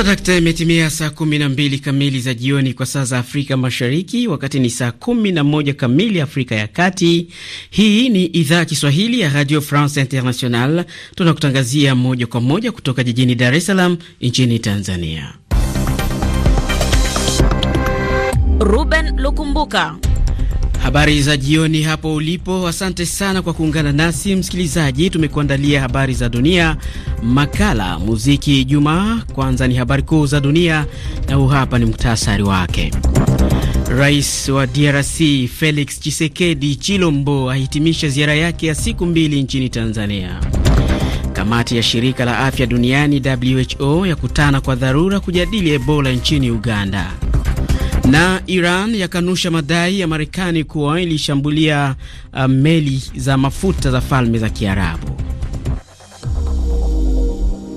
Saa dakta imetimia saa 12 kamili za jioni kwa saa za Afrika Mashariki, wakati ni saa moja kamili Afrika ya Kati. Hii ni idhaa Kiswahili ya Radio France International, tunakutangazia moja kwa moja kutoka jijini Dar es Salaam nchini Tanzania. Ruben Lukumbuka Habari za jioni hapo ulipo. Asante sana kwa kuungana nasi msikilizaji. Tumekuandalia habari za dunia, makala, muziki jumaa Kwanza ni habari kuu za dunia na huu hapa ni muktasari wake. Rais wa DRC Felix Tshisekedi Chilombo ahitimisha ziara yake ya siku mbili nchini Tanzania. Kamati ya shirika la afya duniani WHO yakutana kwa dharura kujadili Ebola nchini Uganda. Na Iran yakanusha madai ya Marekani kuwa ilishambulia uh, meli za mafuta za Falme za Kiarabu.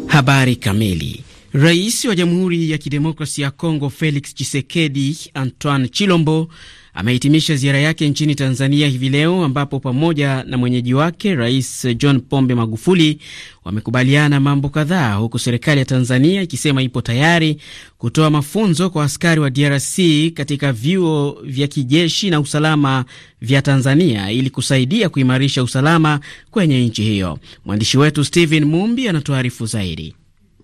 Habari kamili. Rais wa Jamhuri ya Kidemokrasia ya Kongo Felix Tshisekedi Antoine Chilombo amehitimisha ziara yake nchini Tanzania hivi leo ambapo pamoja na mwenyeji wake Rais John Pombe Magufuli wamekubaliana mambo kadhaa, huku serikali ya Tanzania ikisema ipo tayari kutoa mafunzo kwa askari wa DRC katika vyuo vya kijeshi na usalama vya Tanzania ili kusaidia kuimarisha usalama kwenye nchi hiyo. Mwandishi wetu Steven Mumbi anatuarifu zaidi.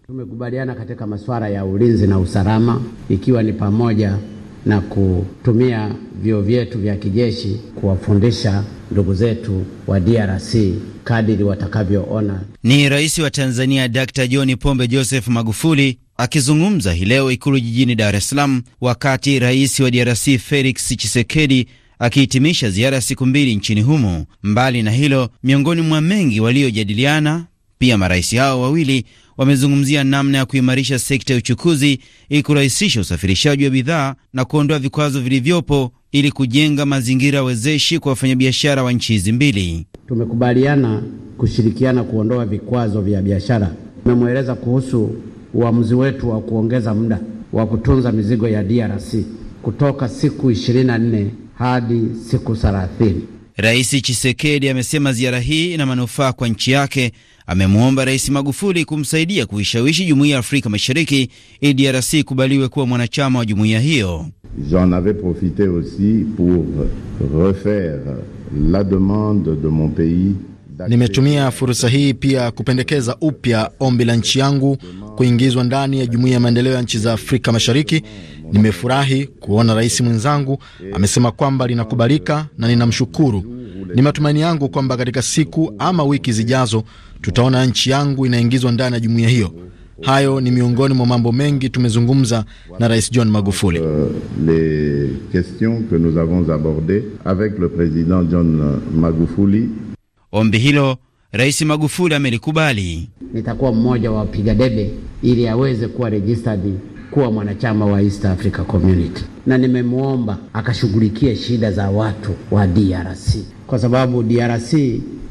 Tumekubaliana katika masuala ya ulinzi na usalama ikiwa ni pamoja na kutumia vyuo vyetu vya kijeshi kuwafundisha ndugu zetu wa DRC kadiri watakavyoona. Ni Rais wa Tanzania Dr. John Pombe Joseph Magufuli akizungumza hii leo Ikulu jijini Dar es Salaam, wakati Rais wa DRC Felix Tshisekedi akihitimisha ziara ya siku mbili nchini humo. Mbali na hilo, miongoni mwa mengi waliojadiliana, pia marais hao wawili wamezungumzia namna ya kuimarisha sekta ya uchukuzi ili kurahisisha usafirishaji wa bidhaa na kuondoa vikwazo vilivyopo ili kujenga mazingira wezeshi kwa wafanyabiashara wa nchi hizi mbili. Tumekubaliana kushirikiana kuondoa vikwazo vya biashara. Tumemweleza kuhusu uamuzi wetu wa kuongeza muda wa kutunza mizigo ya DRC kutoka siku 24 hadi siku 30. Rais Chisekedi amesema ziara hii ina manufaa kwa nchi yake. Amemwomba Rais Magufuli kumsaidia kuishawishi Jumuiya ya Afrika Mashariki ili DRC ikubaliwe kuwa mwanachama wa jumuiya hiyo. J'en avais aussi pour refaire la demande de mon pays Nimetumia fursa hii pia kupendekeza upya ombi la nchi yangu kuingizwa ndani ya jumuiya ya maendeleo ya nchi za Afrika Mashariki Nimefurahi kuona rais mwenzangu amesema kwamba linakubalika na ninamshukuru. Ni matumaini yangu kwamba katika siku ama wiki zijazo tutaona nchi yangu inaingizwa ndani ya jumuiya hiyo. Hayo ni miongoni mwa mambo mengi tumezungumza na Rais John Magufuli. Euh, John Magufuli. Ombi hilo Rais Magufuli amelikubali. Nitakuwa mmoja wa wapiga debe ili aweze kuwa registered kuwa mwanachama wa East Africa Community, na nimemwomba akashughulikie shida za watu wa DRC kwa sababu DRC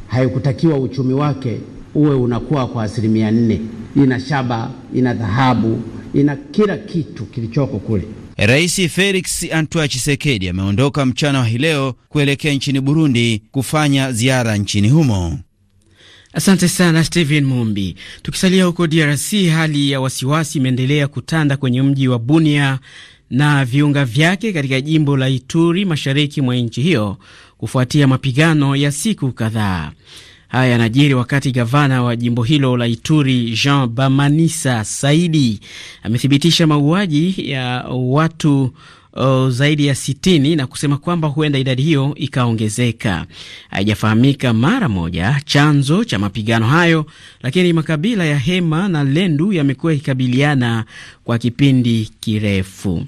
haikutakiwa uchumi wake uwe unakuwa kwa asilimia nne. Ina shaba, ina dhahabu, ina kila kitu kilichoko kule. Rais Felix Antoine Tshisekedi ameondoka mchana wa hii leo kuelekea nchini Burundi kufanya ziara nchini humo. Asante sana Steven Mumbi. Tukisalia huko DRC, hali ya wasiwasi imeendelea kutanda kwenye mji wa Bunia na viunga vyake katika jimbo la Ituri mashariki mwa nchi hiyo kufuatia mapigano ya siku kadhaa. Haya yanajiri wakati gavana wa jimbo hilo la Ituri Jean Bamanisa Saidi amethibitisha mauaji ya watu zaidi ya sitini na kusema kwamba huenda idadi hiyo ikaongezeka. Haijafahamika mara moja chanzo cha mapigano hayo, lakini makabila ya Hema na Lendu yamekuwa yakikabiliana kwa kipindi kirefu.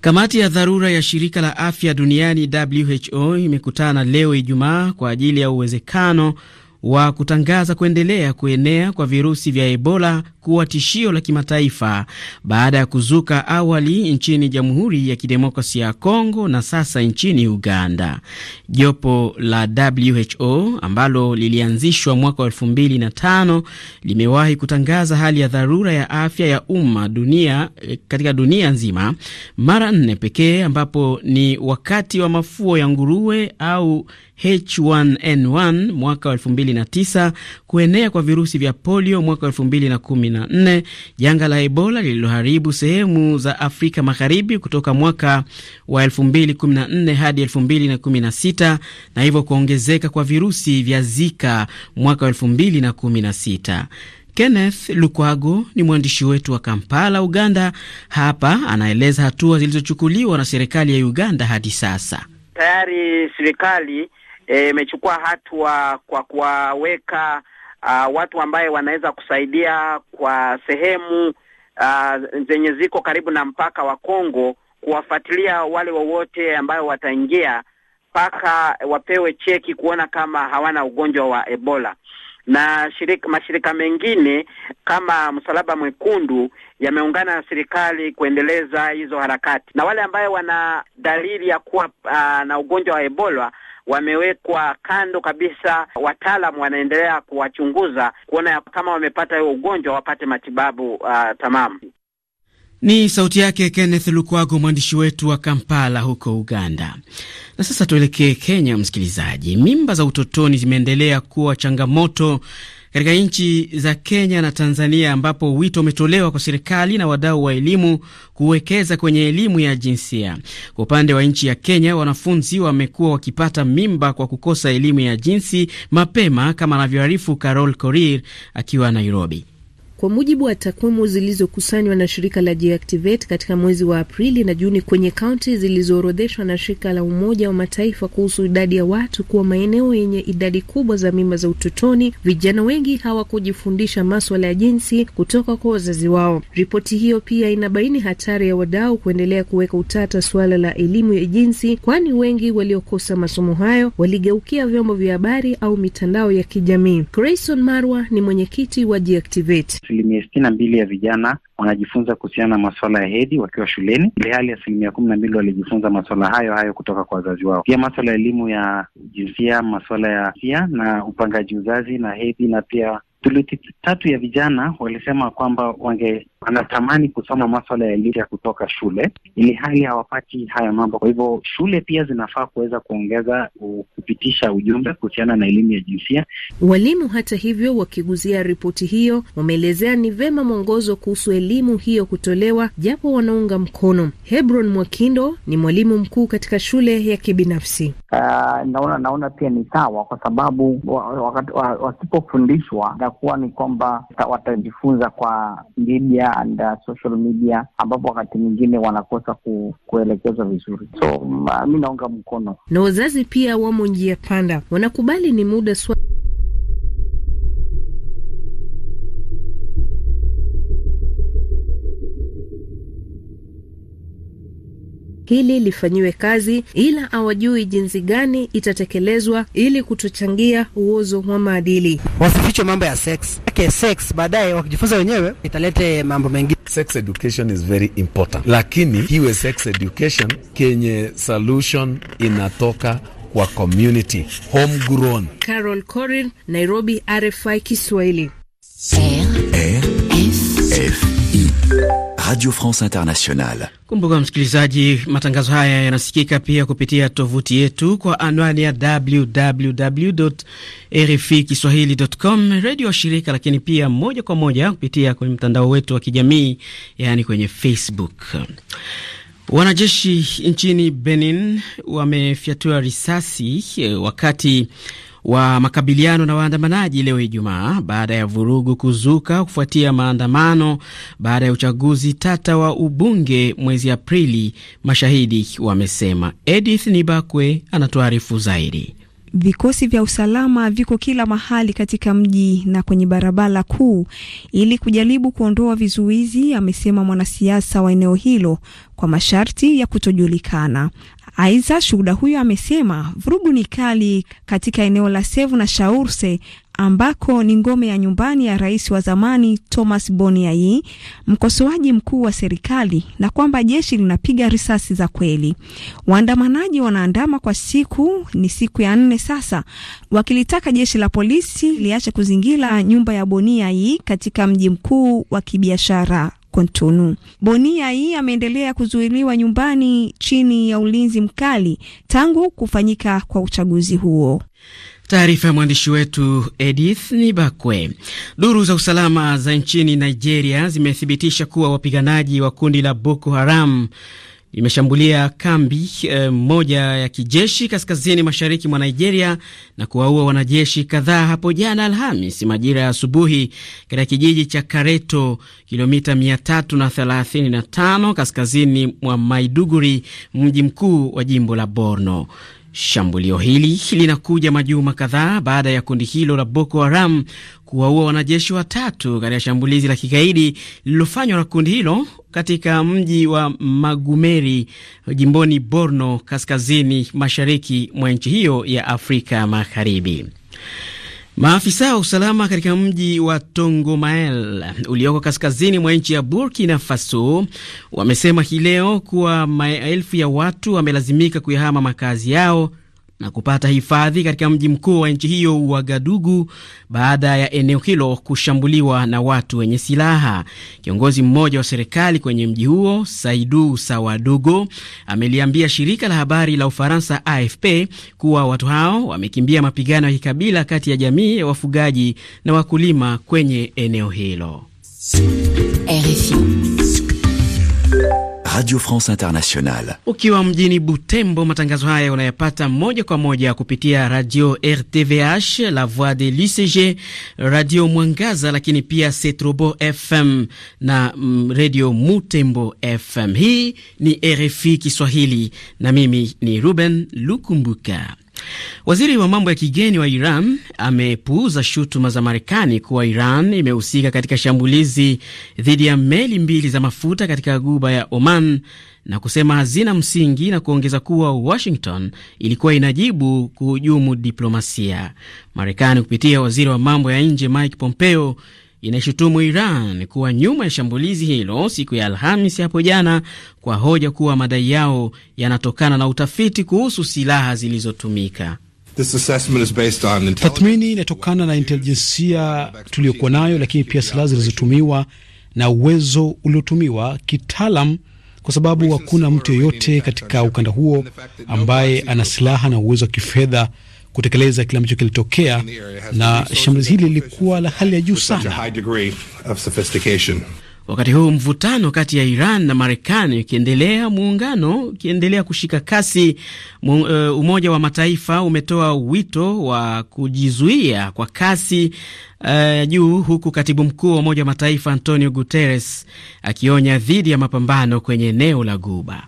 Kamati ya dharura ya shirika la afya duniani WHO imekutana leo Ijumaa kwa ajili ya uwezekano wa kutangaza kuendelea kuenea kwa virusi vya Ebola kuwa tishio la kimataifa baada ya kuzuka awali nchini Jamhuri ya Kidemokrasia ya Kongo na sasa nchini Uganda. Jopo la WHO ambalo lilianzishwa mwaka wa 2005 limewahi kutangaza hali ya dharura ya afya ya umma dunia, eh, katika dunia nzima mara nne pekee, ambapo ni wakati wa mafuo ya nguruwe au H1N1 mwaka wa 2009, kuenea kwa virusi vya polio mwaka 2014, janga la Ebola lililoharibu sehemu za Afrika Magharibi kutoka mwaka wa 2014 hadi 2016, na hivyo kuongezeka kwa virusi vya Zika mwaka 2016. Kenneth Lukwago ni mwandishi wetu wa Kampala, Uganda. Hapa anaeleza hatua zilizochukuliwa na serikali ya Uganda hadi sasa. Tayari serikali imechukua e, hatua kwa kuwaweka uh, watu ambaye wanaweza kusaidia kwa sehemu uh, zenye ziko karibu na mpaka wa Kongo kuwafuatilia wale wowote ambayo wataingia mpaka wapewe cheki kuona kama hawana ugonjwa wa Ebola na shirika, mashirika mengine kama Msalaba Mwekundu yameungana na serikali kuendeleza hizo harakati, na wale ambayo wana dalili ya kuwa uh, na ugonjwa wa Ebola wamewekwa kando kabisa. Wataalam wanaendelea kuwachunguza kuona kama wamepata hiyo ugonjwa wapate matibabu uh, tamamu. Ni sauti yake Kenneth Lukwago, mwandishi wetu wa Kampala huko Uganda. Na sasa tuelekee Kenya, msikilizaji. Mimba za utotoni zimeendelea kuwa changamoto katika nchi za Kenya na Tanzania, ambapo wito umetolewa kwa serikali na wadau wa elimu kuwekeza kwenye elimu ya jinsia. Kwa upande wa nchi ya Kenya, wanafunzi wamekuwa wakipata mimba kwa kukosa elimu ya jinsi mapema, kama anavyoarifu Carol Korir akiwa Nairobi. Kwa mujibu wa takwimu zilizokusanywa na shirika la Geactivate katika mwezi wa Aprili na Juni kwenye kaunti zilizoorodheshwa na shirika la Umoja wa Mataifa kuhusu idadi ya watu kuwa maeneo yenye idadi kubwa za mimba za utotoni, vijana wengi hawakujifundisha maswala ya jinsi kutoka kwa wazazi wao. Ripoti hiyo pia inabaini hatari ya wadau kuendelea kuweka utata suala la elimu ya jinsi, kwani wengi waliokosa masomo hayo waligeukia vyombo vya habari au mitandao ya kijamii. Grayson Marwa ni mwenyekiti wa asilimia sitini na mbili ya vijana wanajifunza kuhusiana na maswala ya hedhi wakiwa shuleni, ili hali asilimia kumi na mbili walijifunza maswala hayo hayo kutoka kwa wazazi wao. Pia maswala ya elimu ya jinsia, maswala ya sia na upangaji uzazi na hedhi, na pia thuluthi tatu ya vijana walisema kwamba wange wanatamani kusoma maswala ya elimu ya kutoka shule, ili hali hawapati haya mambo. Kwa hivyo shule pia zinafaa kuweza kuongeza kupitisha ujumbe kuhusiana na elimu ya jinsia. Walimu hata hivyo, wakiguzia ripoti hiyo, wameelezea ni vema mwongozo kuhusu elimu hiyo kutolewa, japo wanaunga mkono. Hebron Mwakindo ni mwalimu mkuu katika shule ya kibinafsi. Uh, naona naona pia ni sawa, kwa sababu wasipofundishwa wa, wa, wa, itakuwa ni kwamba watajifunza kwa media and uh, social media, ambapo wakati mwingine wanakosa ku, kuelekezwa vizuri. So mi naunga mkono na wazazi pia wamo njia panda, wanakubali ni muda swa hili lifanyiwe kazi, ila hawajui jinsi gani itatekelezwa ili kutochangia uozo wa maadili. Wasifichwe mambo ya sex. Okay, sex baadaye wakijifunza wenyewe italete mambo mengine. Sex education is very important, lakini iwe sex education kenye solution inatoka wa community homegrown. Carol Corin, Nairobi, RFI Kiswahili. Radio France Internationale. Kumbuka msikilizaji, matangazo haya yanasikika pia kupitia tovuti yetu kwa anwani ya www.rfikiswahili.com, redio wa shirika, lakini pia moja kwa moja kupitia kwenye mtandao wetu wa kijamii, yaani kwenye Facebook. Wanajeshi nchini Benin wamefyatua risasi e, wakati wa makabiliano na waandamanaji leo Ijumaa baada ya vurugu kuzuka kufuatia maandamano baada ya uchaguzi tata wa ubunge mwezi Aprili, mashahidi wamesema. Edith Nibakwe anatuarifu zaidi. Vikosi vya usalama viko kila mahali katika mji na kwenye barabara kuu ili kujaribu kuondoa vizuizi, amesema mwanasiasa wa eneo hilo kwa masharti ya kutojulikana. Aidha, shuhuda huyo amesema vurugu ni kali katika eneo la Sevu na Shaurse ambako ni ngome ya nyumbani ya rais wa zamani Thomas Boniai, mkosoaji mkuu wa serikali, na kwamba jeshi linapiga risasi za kweli. Waandamanaji wanaandama kwa siku, ni siku ya nne sasa, wakilitaka jeshi la polisi liache kuzingira nyumba ya Boniai katika mji mkuu wa kibiashara Kontunu. Bonia hii ameendelea kuzuiliwa nyumbani chini ya ulinzi mkali tangu kufanyika kwa uchaguzi huo. Taarifa ya mwandishi wetu Edith Nibakwe. Duru za usalama za nchini Nigeria zimethibitisha kuwa wapiganaji wa kundi la Boko Haram imeshambulia kambi eh, moja ya kijeshi kaskazini mashariki mwa Nigeria na kuwaua wanajeshi kadhaa hapo jana Alhamis majira ya asubuhi katika kijiji cha Kareto, kilomita 335 kaskazini mwa Maiduguri, mji mkuu wa jimbo la Borno. Shambulio hili linakuja majuma kadhaa baada ya kundi hilo la Boko Haram kuwaua wanajeshi watatu katika shambulizi la kigaidi lililofanywa na kundi hilo katika mji wa Magumeri jimboni Borno, kaskazini mashariki mwa nchi hiyo ya Afrika Magharibi. Maafisa wa usalama katika mji wa Tongomael ulioko kaskazini mwa nchi ya Burkina Faso wamesema hii leo kuwa maelfu ya watu wamelazimika kuyahama makazi yao na kupata hifadhi katika mji mkuu wa nchi hiyo Wagadugu baada ya eneo hilo kushambuliwa na watu wenye silaha. Kiongozi mmoja wa serikali kwenye mji huo Saidu Sawadogo ameliambia shirika la habari la Ufaransa AFP kuwa watu hao wamekimbia mapigano ya kikabila kati ya jamii ya wafugaji na wakulima kwenye eneo hilo. RFI. Radio France Internationale. Ukiwa mjini Butembo, matangazo haya unayapata moja kwa moja kupitia Radio RTVH, La Voix de l'UCG, Radio Mwangaza, lakini pia Setrobo FM na mm, Radio Mutembo FM. Hii ni RFI Kiswahili na mimi ni Ruben Lukumbuka. Waziri wa mambo ya kigeni wa Iran amepuuza shutuma za Marekani kuwa Iran imehusika katika shambulizi dhidi ya meli mbili za mafuta katika guba ya Oman na kusema hazina msingi na kuongeza kuwa Washington ilikuwa inajibu kuhujumu diplomasia. Marekani kupitia waziri wa mambo ya nje Mike Pompeo inashutumu Iran kuwa nyuma ya shambulizi hilo siku ya alhamis hapo jana kwa hoja kuwa madai yao yanatokana na utafiti kuhusu silaha zilizotumika. Tathmini inatokana na intelijensia tuliyokuwa nayo, lakini pia silaha zilizotumiwa na uwezo uliotumiwa kitaalam, kwa sababu hakuna mtu yeyote katika ukanda huo ambaye ana silaha na uwezo wa kifedha kutekeleza kile ambacho kilitokea, na shambulizi hili lilikuwa la hali ya juu sana. Wakati huu mvutano kati ya Iran na Marekani ukiendelea, muungano ukiendelea kushika kasi, eh, Umoja wa Mataifa umetoa wito wa kujizuia kwa kasi uh, juu, huku katibu mkuu wa Umoja wa Mataifa Antonio Guterres akionya dhidi ya mapambano kwenye eneo la Guba.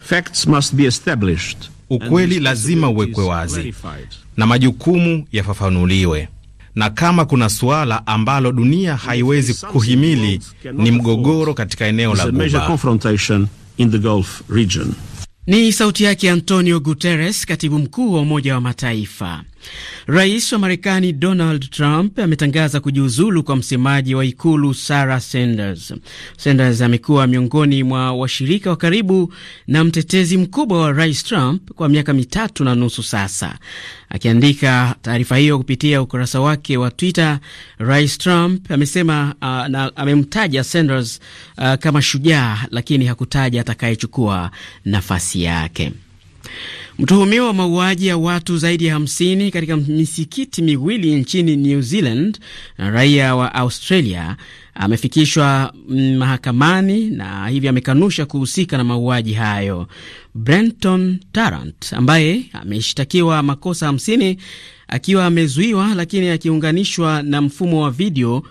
Facts must be established. Ukweli lazima uwekwe wazi na majukumu yafafanuliwe, na kama kuna suala ambalo dunia haiwezi kuhimili ni mgogoro katika eneo la Ni sauti yake Antonio Guterres, katibu mkuu wa Umoja wa Mataifa. Rais wa Marekani Donald Trump ametangaza kujiuzulu kwa msemaji wa ikulu Sarah Sanders. Sanders amekuwa miongoni mwa washirika wa karibu na mtetezi mkubwa wa rais Trump kwa miaka mitatu na nusu sasa. Akiandika taarifa hiyo kupitia ukurasa wake wa Twitter, rais Trump amesema uh, na amemtaja Sanders uh, kama shujaa, lakini hakutaja atakayechukua nafasi yake. Mtuhumiwa wa mauaji ya watu zaidi ya 50 katika misikiti miwili nchini New Zealand na raia wa Australia amefikishwa mahakamani na hivyo amekanusha kuhusika na mauaji hayo. Brenton Tarrant ambaye ameshtakiwa makosa 50 akiwa amezuiwa, lakini akiunganishwa na mfumo wa video,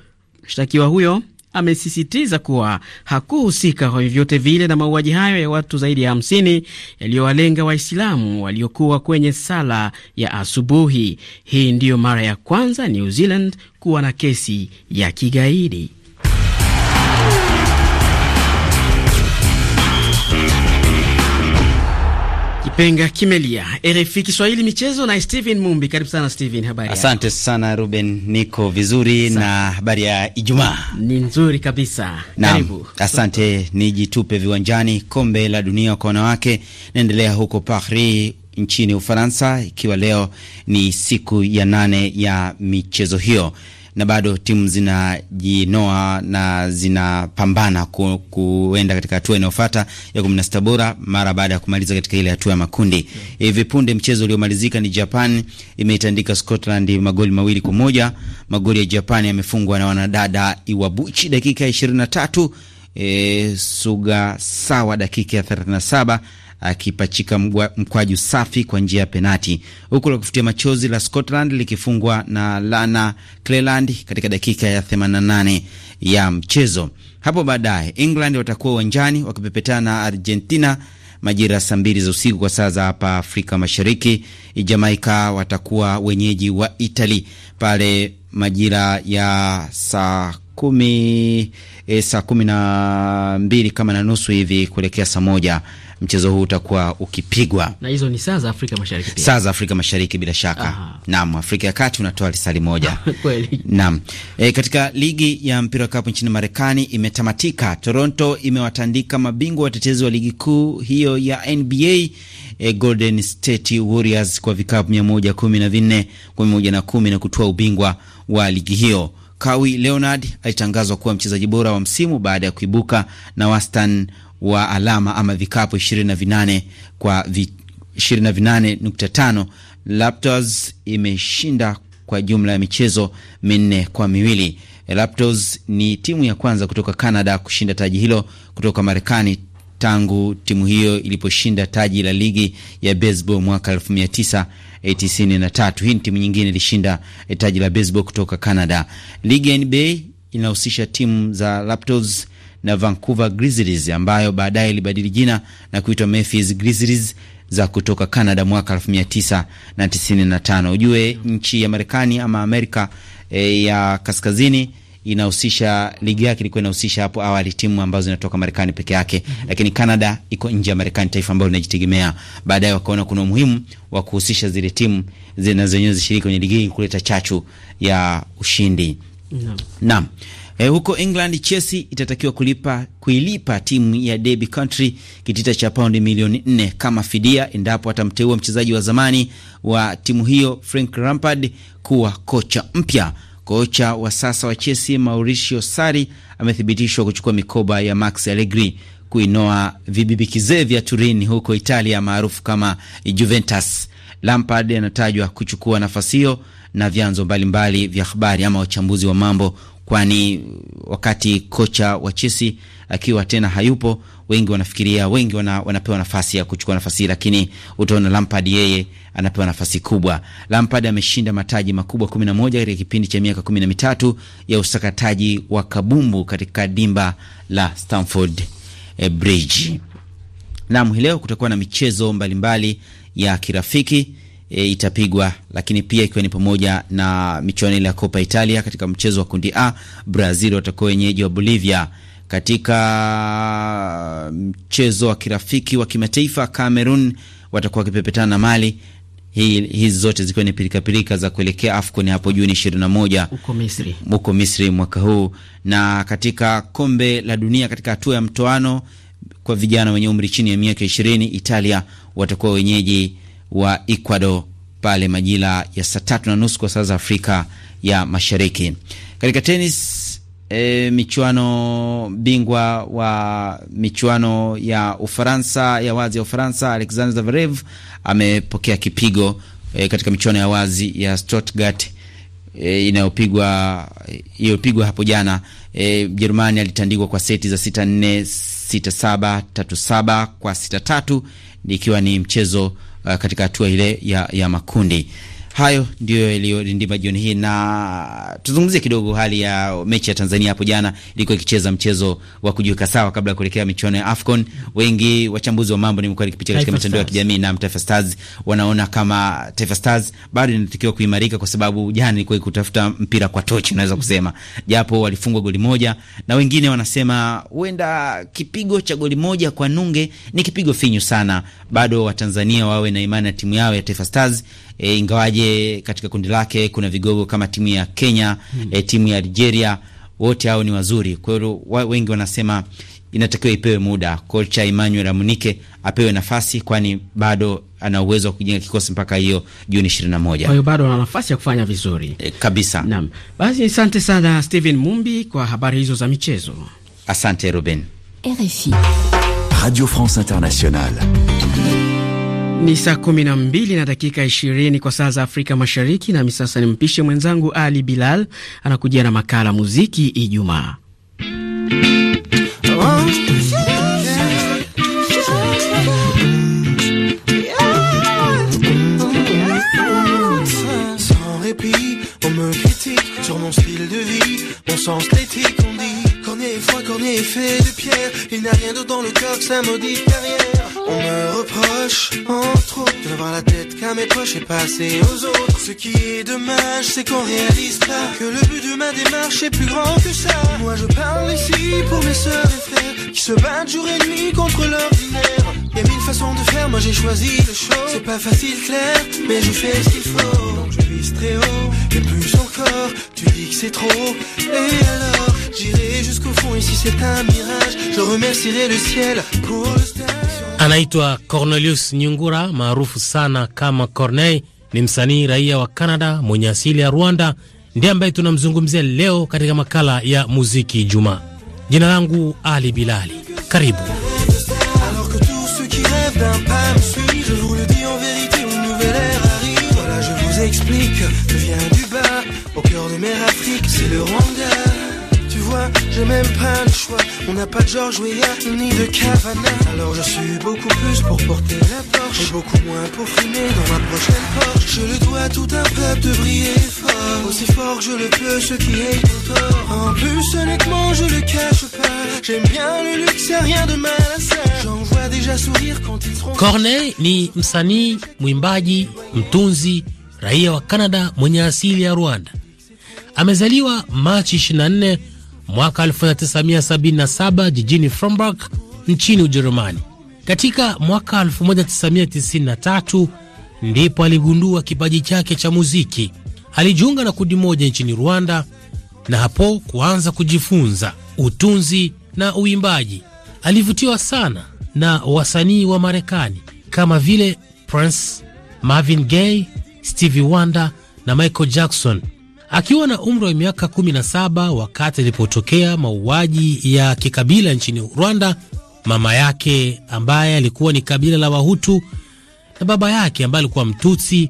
mshtakiwa huyo amesisitiza kuwa hakuhusika kwa vyovyote vile na mauaji hayo ya watu zaidi ya 50 yaliyowalenga Waislamu waliokuwa kwenye sala ya asubuhi. Hii ndiyo mara ya kwanza New Zealand kuwa na kesi ya kigaidi. Mapenga Kimelia, RFI Kiswahili michezo na Steven Mumbi. Karibu sana Steven, habari? Asante sana Ruben, niko vizuri Sa. na habari ya Ijumaa ni nzuri kabisa. na, Karibu. Asante, nijitupe viwanjani. Kombe la dunia kwa wanawake naendelea huko Paris nchini Ufaransa, ikiwa leo ni siku ya nane ya michezo hiyo na bado timu zinajinoa na zinapambana ku, kuenda katika hatua inayofuata ya kumi na sita bora mara baada ya kumaliza katika ile hatua ya makundi. Hivi punde mchezo uliomalizika ni Japan imeitandika Scotland magoli mawili kwa moja. Magoli ya Japan yamefungwa na wanadada Iwabuchi dakika ya tatu e, Suga sawa dakika ya 37 akipachika mkwaju safi kwa njia ya penati, huku la kufutia machozi la Scotland likifungwa na Lana Cleland katika dakika ya 88 ya mchezo. Hapo baadaye England watakuwa uwanjani wakipepetana na Argentina majira ya saa mbili za usiku kwa saa za hapa Afrika Mashariki. Jamaika watakuwa wenyeji wa Itali pale majira ya saa kumi, e, saa kumi na mbili kama na nusu hivi kuelekea saa moja mchezo huu utakuwa ukipigwa. Na hizo ni saa za Afrika Mashariki pia. Saa za Afrika Mashariki bila shaka. Naam, Afrika ya Kati unatoa risali moja. Kweli. Naam. E, katika ligi ya mpira wa kapu nchini Marekani imetamatika. Toronto imewatandika mabingwa watetezi wa ligi kuu hiyo ya NBA e, Golden State Warriors kwa vikapu 114 kwa 110 na kutoa ubingwa wa ligi hiyo. Kawhi Leonard alitangazwa kuwa mchezaji bora wa msimu baada ya kuibuka na wastani wa alama ama vikapu 28 kwa vi, 28.5. Raptors imeshinda kwa jumla ya michezo minne kwa miwili. Raptors ni timu ya kwanza kutoka Canada kushinda taji hilo kutoka Marekani tangu timu hiyo iliposhinda taji la ligi ya baseball mwaka 1993. Hii ni timu nyingine ilishinda eh, taji la baseball kutoka Canada. Ligi ya NBA inahusisha timu za Raptors na Vancouver Grizzlies ambayo baadaye ilibadili jina na kuitwa Memphis Grizzlies za kutoka Canada mwaka 1995. Ujue nchi ya Marekani ama Amerika e, ya Kaskazini inahusisha ligi yake ilikuwa inahusisha hapo awali timu ambazo zinatoka Marekani peke yake mm -hmm. Lakini Canada iko nje ya Marekani, taifa ambalo linajitegemea. Baadaye wakaona kuna umuhimu wa kuhusisha zile timu zinazenyewe zishiriki kwenye ligi hii kuleta chachu ya ushindi. Naam. Naam. E, huko England Chelsea itatakiwa kulipa, kuilipa timu ya Derby County kitita cha paundi milioni nne kama fidia endapo atamteua mchezaji wa zamani wa timu hiyo Frank Lampard kuwa kocha mpya. Kocha wa sasa wa Chelsea Mauricio Sarri amethibitishwa kuchukua mikoba ya Max Allegri kuinoa vibibikizee vya Turin huko Italia maarufu kama Juventus. Lampard anatajwa kuchukua nafasi hiyo na vyanzo mbalimbali vya habari ama wachambuzi wa mambo kwani wakati kocha wa Chelsea akiwa tena hayupo, wengi wanafikiria, wengi wana, wanapewa nafasi ya kuchukua nafasi hii, lakini utaona Lampard yeye anapewa nafasi kubwa. Lampard ameshinda mataji makubwa 11 katika kipindi cha miaka 13 ya usakataji wa kabumbu katika dimba la Stamford eh, Bridge. Naam, leo kutakuwa na michezo mbalimbali mbali ya kirafiki e, itapigwa, lakini pia ikiwa ni pamoja na michuano ile ya Copa Italia katika mchezo wa kundi A, Brazil watakuwa wenyeji wa Bolivia. Katika mchezo wa kirafiki wa kimataifa, Cameroon watakuwa wakipepetana na Mali. Hii, hizi zote zikiwa ni pirikapirika za kuelekea AFCON hapo Juni 21 huko Misri, huko Misri mwaka huu. Na katika kombe la dunia katika hatua ya mtoano kwa vijana wenye umri chini ya miaka 20 Italia watakuwa wenyeji wa Ecuador pale majira ya saa tatu na nusu kwa saa za Afrika ya Mashariki. Katika tenis e, eh, michuano bingwa wa michuano ya Ufaransa ya wazi ya Ufaransa Alexander Zverev amepokea kipigo e, katika michuano ya wazi ya Stuttgart e, inayopigwa iliyopigwa hapo jana e, Jerumani alitandikwa kwa seti za sita nne sita saba tatu saba kwa sita tatu ikiwa ni mchezo Uh, katika hatua ile ya, ya makundi. Hayo ndiyo yaliyodindima jioni hii, na tuzungumzie kidogo hali ya mechi ya Tanzania. Hapo jana ilikuwa ikicheza mchezo wa kujiweka sawa kabla ya kuelekea michuano ya AFCON. Wengi wachambuzi wa mambo nimekuwa nikipitia katika mitandao ya kijamii na Taifa Stars wanaona kama Taifa Stars bado inatakiwa kuimarika, kwa sababu jana ilikuwa ikutafuta mpira kwa tochi, naweza kusema, japo walifungwa goli moja, na wengine wanasema huenda kipigo cha goli moja kwa nunge ni kipigo finyu sana. Bado Watanzania wawe na imani na timu yao ya Taifa Stars e, ingawaje katika kundi lake kuna vigogo kama timu ya Kenya hmm. e, timu ya Algeria, wote hao ni wazuri. Kwa hiyo wengi wanasema inatakiwa ipewe muda, kocha Emmanuel Amunike apewe nafasi, kwani bado ana uwezo wa kujenga kikosi mpaka hiyo Juni 21. Kwa hiyo bado ana nafasi ya kufanya vizuri e, kabisa. Naam, basi asante sana Steven Mumbi kwa habari hizo za michezo. Asante Ruben. RFI Radio France Internationale. Ni saa 12 na dakika 20 kwa saa za Afrika Mashariki, nami sasa nimpishe mwenzangu Ali Bilal anakujia na makala muziki Ijumaa. fois qu'on est fait de pierre. Il n'a rien d'autre dans le corps sa maudite carrière. On me reproche, entre autres, de la tête qu'à mes poches et pas aux autres. Ce qui est dommage, c'est qu'on réalise pas que le but de ma démarche est plus grand que ça. Moi, je parle ici pour mes soeurs et frères qui se battent jour et nuit contre l'ordinaire. Y'a mille façons de faire, moi j'ai choisi le show. C'est pas facile, clair, mais je fais ce qu'il faut. Donc je vise très haut, et plus encore, tu dis que c'est trop, et alors. J'irai jusqu'au fond ici si c'est un mirage. Je remercierai le ciel pour le stage. Anaitwa Cornelius Nyungura maarufu sana kama Corneille, ni msanii raia wa Canada mwenye asili ya Rwanda, ndiye ambaye tunamzungumzia leo katika makala ya muziki juma. Jina langu Ali Bilali, karibu. explique, je viens du bas, au cœur de mer Afrique, c'est le Rwanda. Je j'ai même pas le choix. On n'a pas de George Weah ni de Cavana. Alors je suis beaucoup plus pour porter la Porsche et beaucoup moins pour frimer dans ma prochaine Porsche. Je le dois tout un peuple de briller fort, aussi fort que je le peux, ce qui est mon En plus, honnêtement, je le cache pas. J'aime bien le luxe, rien de mal à ça. J'en vois déjà sourire quand ils seront. Corneille ni Msani, mwimbaji, mtunzi, raia wa Canada mwenye asili A Amezaliwa Machi mwaka 1977 jijini Fromburg nchini Ujerumani. Katika mwaka 1993 ndipo aligundua kipaji chake cha muziki. Alijiunga na kundi moja nchini Rwanda na hapo kuanza kujifunza utunzi na uimbaji. Alivutiwa sana na wasanii wa Marekani kama vile Prince, Marvin Gaye, Stevie Wonder na Michael Jackson akiwa na umri wa miaka 17 wakati alipotokea mauaji ya kikabila nchini Rwanda. Mama yake ambaye alikuwa ni kabila la Wahutu na baba yake ambaye alikuwa Mtutsi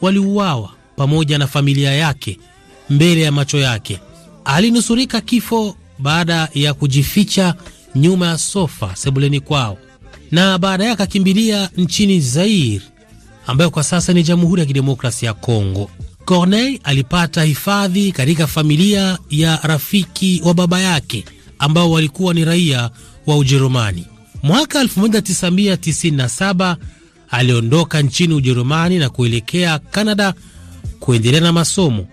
waliuawa pamoja na familia yake mbele ya macho yake. Alinusurika kifo baada ya kujificha nyuma ya sofa sebuleni kwao, na baadaye akakimbilia nchini Zaire ambayo kwa sasa ni Jamhuri ya Kidemokrasia ya Kongo. Corneille alipata hifadhi katika familia ya rafiki wa baba yake ambao walikuwa ni raia wa Ujerumani. Mwaka 1997 aliondoka nchini Ujerumani na kuelekea canada kuendelea na masomo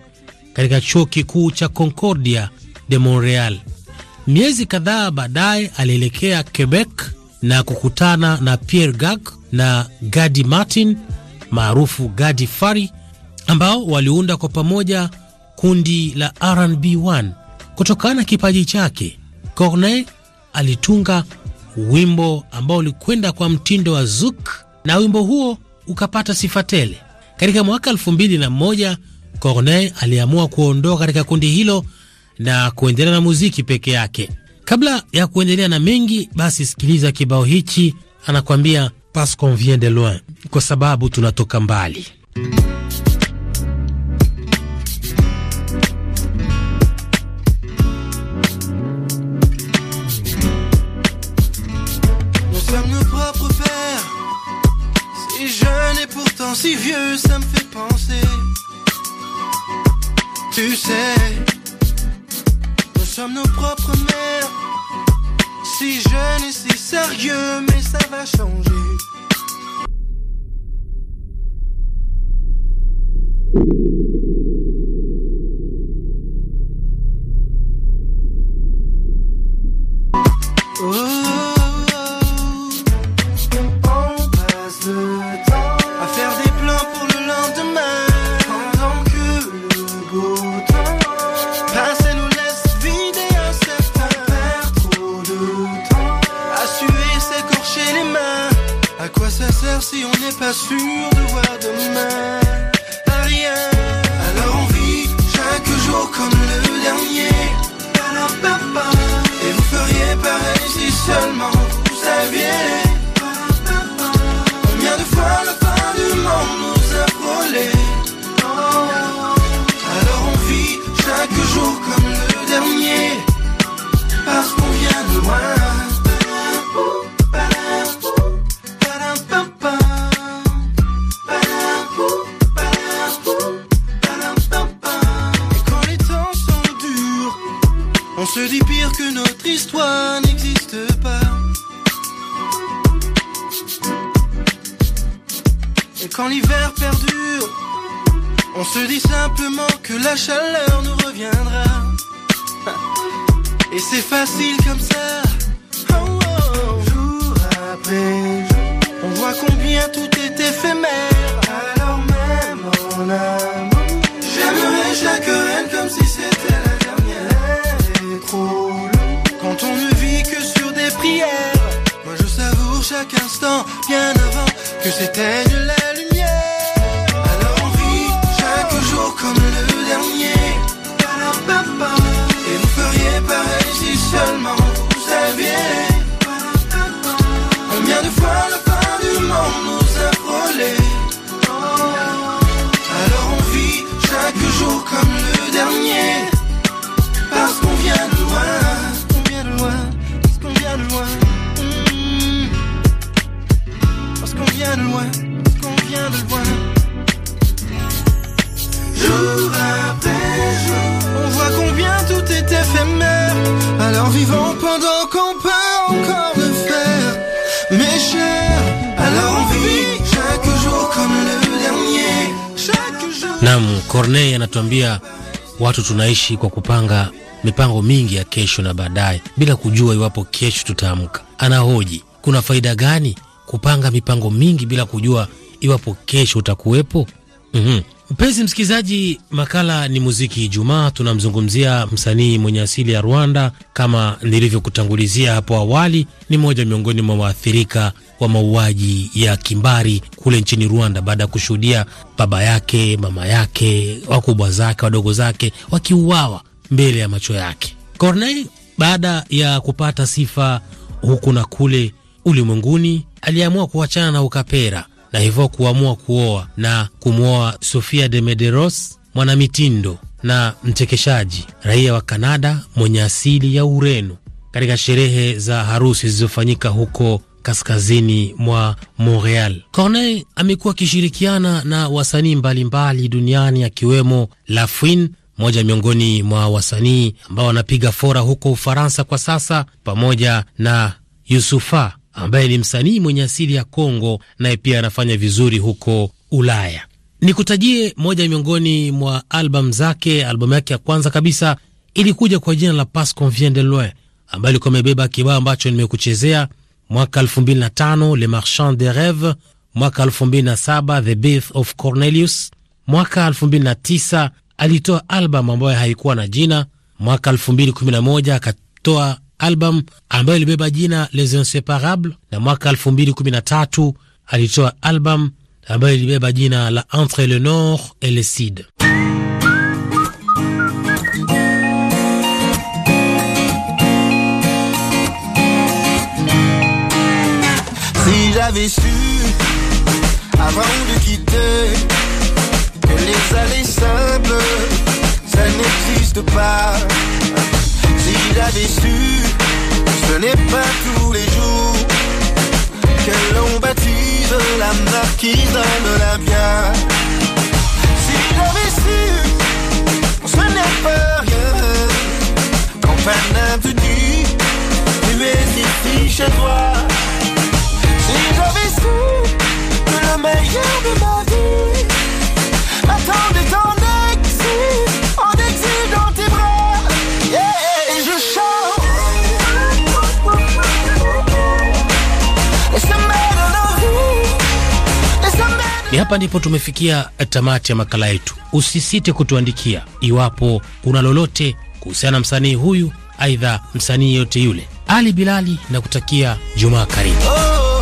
katika chuo kikuu cha Concordia de Montreal. Miezi kadhaa baadaye alielekea Quebec na kukutana na Pierre Gag na Gadi Martin maarufu Gadi Fari ambao waliunda kwa pamoja kundi la RnB1. Kutokana na kipaji chake, Corneille alitunga wimbo ambao ulikwenda kwa mtindo wa zouk na wimbo huo ukapata sifa tele. Katika mwaka 2001 Corneille aliamua kuondoka katika kundi hilo na kuendelea na muziki peke yake. Kabla ya kuendelea na mengi, basi sikiliza kibao hichi, anakuambia parce qu'on vient de loin, kwa sababu tunatoka mbali. si vieux, ça me fait penser. Tu sais, nous sommes nos propres mères. Si jeune et si sérieux, mais ça va changer. Oh. kuambia watu tunaishi kwa kupanga mipango mingi ya kesho na baadaye bila kujua iwapo kesho tutaamka. Anahoji, kuna faida gani kupanga mipango mingi bila kujua iwapo kesho utakuwepo? mm-hmm. Mpenzi msikilizaji, makala ni muziki Ijumaa. Tunamzungumzia msanii mwenye asili ya Rwanda. Kama nilivyokutangulizia hapo awali, ni mmoja miongoni mwa waathirika wa mauaji ya kimbari kule nchini Rwanda baada ya kushuhudia baba yake, mama yake, wakubwa zake, wadogo zake wakiuawa mbele ya macho yake. Corneille baada ya kupata sifa huku na kule ulimwenguni, aliamua kuachana na ukapera na hivyo kuamua kuoa na kumwoa Sofia de Medeiros, mwanamitindo na mchekeshaji raia wa Kanada mwenye asili ya Ureno. Katika sherehe za harusi zilizofanyika huko kaskazini mwa Montreal. Corneille amekuwa akishirikiana na wasanii mbalimbali duniani akiwemo lafuin mmoja miongoni mwa wasanii ambao wanapiga fora huko Ufaransa kwa sasa, pamoja na Yusufa ambaye ni msanii mwenye asili ya Kongo, naye pia anafanya vizuri huko Ulaya. Nikutajie moja miongoni mwa albamu zake. Albamu yake ya kwanza kabisa ilikuja kwa jina la Pas qu'on de loin, ambayo ilikuwa imebeba kibao ambacho nimekuchezea mwaka 2005 Le Marchand de Reve, mwaka 2007 The Birth of Cornelius, mwaka 2009 alitoa albamu ambayo haikuwa na jina. Mwaka 2011 akatoa albamu ambayo ilibeba jina Les Inseparables, na mwaka 2013 alitoa albamu ambayo ilibeba jina la Entre le Nord et le Sud. j'avais su, avant de quitter, que les allées simples, ça n'existe pas. Si j'avais su, ce n'est pas tous les jours que l'on baptise la marquise de la bière. Si j'avais su, ce n'est pas rien. Quand Paname te dit, tu es ici chez toi. que le meilleur de ma vie en exil, en exil dans tes bras. Yeah, et je chante. Ni hapa ndipo tumefikia tamati ya makala yetu. Usisite kutuandikia iwapo una lolote kuhusiana na msanii huyu, aidha msanii yeyote yule. Ali Bilali na kutakia Jumaa karimu. oh.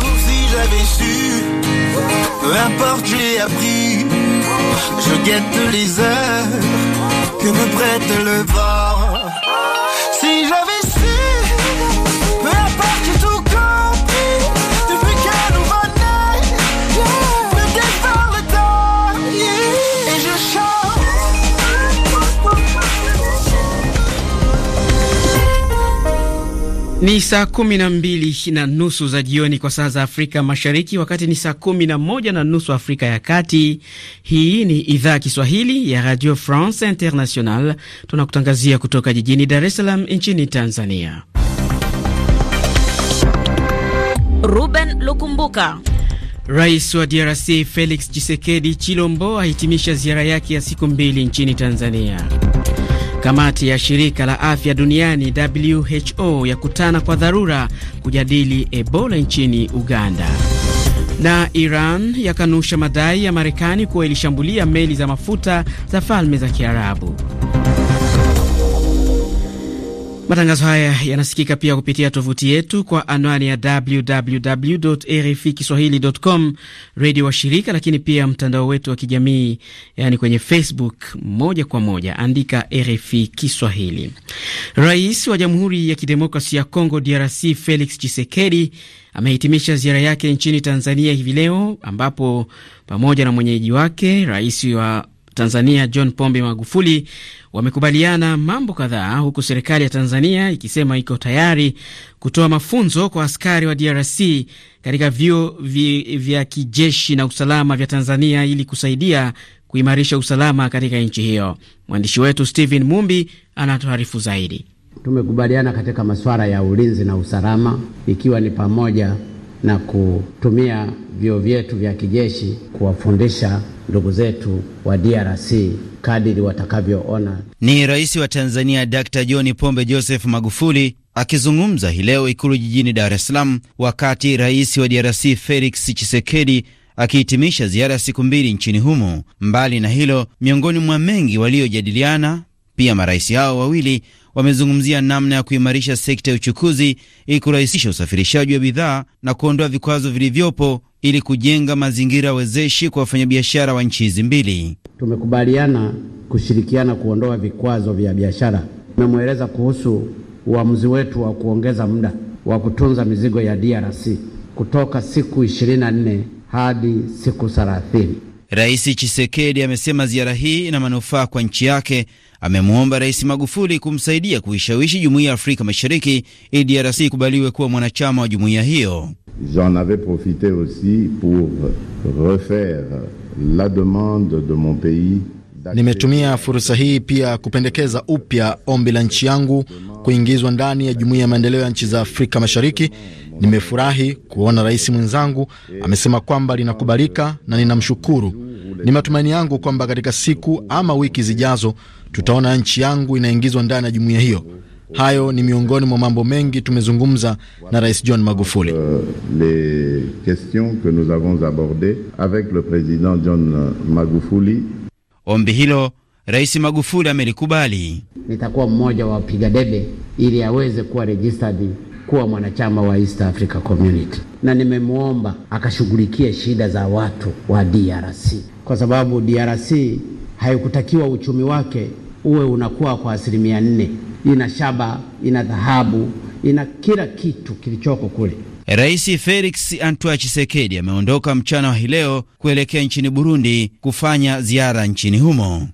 Peu importe, j'ai appris. Je guette les heures que me prête le vent. Si j'avais Ni saa kumi na mbili na nusu za jioni kwa saa za Afrika Mashariki, wakati ni saa kumi na moja na nusu Afrika ya Kati. Hii ni idhaa Kiswahili ya Radio France International, tunakutangazia kutoka jijini Dar es Salaam nchini Tanzania. Ruben Lukumbuka. Rais wa DRC Felix Tshisekedi Chilombo ahitimisha ziara yake ya siku mbili nchini Tanzania. Kamati ya shirika la afya duniani WHO yakutana kwa dharura kujadili Ebola nchini Uganda. Na Iran yakanusha madai ya Marekani kuwa ilishambulia meli za mafuta za Falme za Kiarabu. Matangazo haya yanasikika pia kupitia tovuti yetu kwa anwani ya www RFI kiswahilicom, redio wa shirika, lakini pia mtandao wetu wa kijamii, yaani kwenye Facebook moja kwa moja andika RFI Kiswahili. Rais wa Jamhuri ya Kidemokrasi ya congo DRC, Felix chisekedi amehitimisha ziara yake nchini Tanzania hivi leo, ambapo pamoja na mwenyeji wake rais wa Tanzania John Pombe Magufuli wamekubaliana mambo kadhaa, huku serikali ya Tanzania ikisema iko tayari kutoa mafunzo kwa askari wa DRC katika vyuo vya kijeshi na usalama vya Tanzania ili kusaidia kuimarisha usalama katika nchi hiyo. Mwandishi wetu Stephen Mumbi anatuarifu zaidi. Tumekubaliana katika masuala ya ulinzi na usalama, ikiwa ni pamoja na kutumia vyuo vyetu vya kijeshi kuwafundisha ndugu zetu wa DRC kadiri watakavyoona. Ni Rais wa Tanzania Dr. John Pombe Joseph Magufuli akizungumza hii leo Ikulu jijini Dar es Salaam, wakati Rais wa DRC Felix Tshisekedi akihitimisha ziara ya siku mbili nchini humo. Mbali na hilo, miongoni mwa mengi waliojadiliana pia marais hao wawili wamezungumzia namna ya kuimarisha sekta ya uchukuzi ili kurahisisha usafirishaji wa bidhaa na kuondoa vikwazo vilivyopo ili kujenga mazingira wezeshi kwa wafanyabiashara wa nchi hizi mbili. Tumekubaliana kushirikiana kuondoa vikwazo vya biashara. Tumemweleza kuhusu uamuzi wetu wa kuongeza muda wa kutunza mizigo ya DRC kutoka siku 24 hadi siku 30. Rais Chisekedi amesema ziara hii ina manufaa kwa nchi yake. Amemwomba Rais Magufuli kumsaidia kuishawishi jumuiya ya Afrika Mashariki ili DRC ikubaliwe kuwa mwanachama wa jumuiya hiyo. J'en avais aussi pour refaire la demande de mon pays Nimetumia fursa hii pia kupendekeza upya ombi la nchi yangu kuingizwa ndani ya jumuiya ya maendeleo ya nchi za Afrika Mashariki Nimefurahi kuona rais mwenzangu amesema kwamba linakubalika na ninamshukuru. Ni matumaini yangu kwamba katika siku ama wiki zijazo tutaona nchi yangu inaingizwa ndani ya jumuiya hiyo. Hayo ni miongoni mwa mambo mengi tumezungumza na Rais John Magufuli. Euh, les questions que nous avons avec le John Magufuli. Ombi hilo Rais Magufuli amelikubali. Nitakuwa mmoja wa wapiga debe ili aweze kuwa registered kuwa mwanachama wa East Africa Community, na nimemwomba akashughulikie shida za watu wa DRC kwa sababu DRC haikutakiwa uchumi wake uwe unakuwa kwa asilimia nne. Ina shaba, ina dhahabu, ina kila kitu kilichoko kule. Rais Felix Antoine Tshisekedi ameondoka mchana wa hii leo kuelekea nchini Burundi kufanya ziara nchini humo.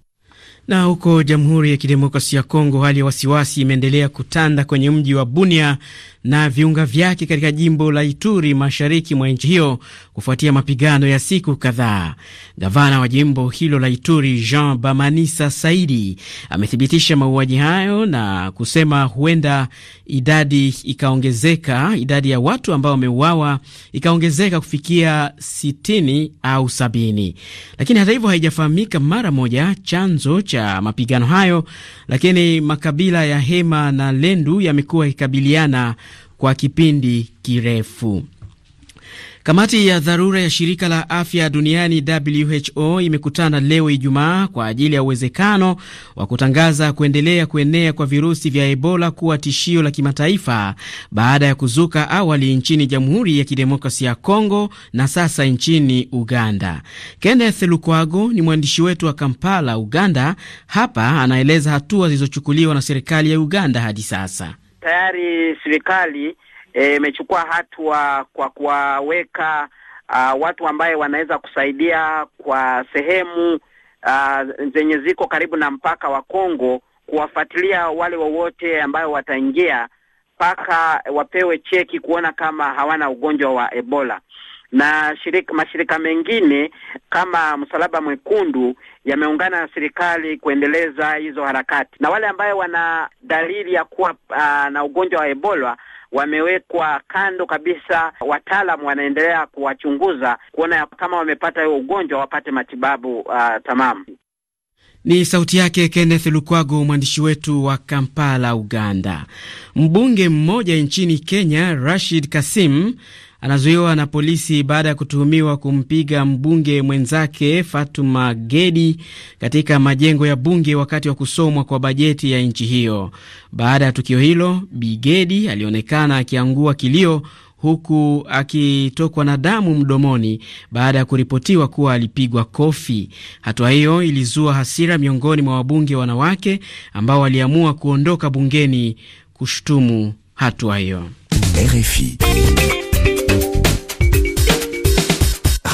Na huko Jamhuri ya Kidemokrasia ya Kongo, hali ya wasiwasi imeendelea kutanda kwenye mji wa Bunia na viunga vyake katika jimbo la Ituri mashariki mwa nchi hiyo kufuatia mapigano ya siku kadhaa. Gavana wa jimbo hilo la Ituri Jean Bamanisa Saidi amethibitisha mauaji hayo na kusema huenda idadi ikaongezeka, idadi ya watu ambao wameuawa ikaongezeka kufikia sitini au sabini, lakini hata hivyo haijafahamika mara moja chanzo cha mapigano hayo, lakini makabila ya Hema na Lendu yamekuwa yakikabiliana kwa kipindi kirefu. Kamati ya dharura ya shirika la afya duniani WHO imekutana leo Ijumaa kwa ajili ya uwezekano wa kutangaza kuendelea kuenea kwa virusi vya Ebola kuwa tishio la kimataifa baada ya kuzuka awali nchini Jamhuri ya Kidemokrasia ya Kongo na sasa nchini Uganda. Kenneth Lukwago ni mwandishi wetu wa Kampala, Uganda. Hapa anaeleza hatua zilizochukuliwa na serikali ya Uganda hadi sasa tayari serikali eh, imechukua e, hatua kwa kuwaweka uh, watu ambaye wanaweza kusaidia kwa sehemu uh, zenye ziko karibu na mpaka wa Kongo kuwafuatilia wale wowote ambayo wataingia mpaka wapewe cheki kuona kama hawana ugonjwa wa Ebola na shirika, mashirika mengine kama Msalaba Mwekundu yameungana na serikali kuendeleza hizo harakati, na wale ambayo wana dalili ya kuwa uh, na ugonjwa wa Ebola wamewekwa kando kabisa. Wataalamu wanaendelea kuwachunguza kuona kama wamepata huyo ugonjwa wapate matibabu uh, tamamu. Ni sauti yake Kenneth Lukwago, mwandishi wetu wa Kampala, Uganda. Mbunge mmoja nchini Kenya, Rashid Kasim, anazuiwa na polisi baada ya kutuhumiwa kumpiga mbunge mwenzake Fatuma Gedi katika majengo ya bunge wakati wa kusomwa kwa bajeti ya nchi hiyo. Baada ya tukio hilo, Bi Gedi alionekana akiangua kilio huku akitokwa na damu mdomoni baada ya kuripotiwa kuwa alipigwa kofi. Hatua hiyo ilizua hasira miongoni mwa wabunge wanawake ambao waliamua kuondoka bungeni kushutumu hatua hiyo. RFI.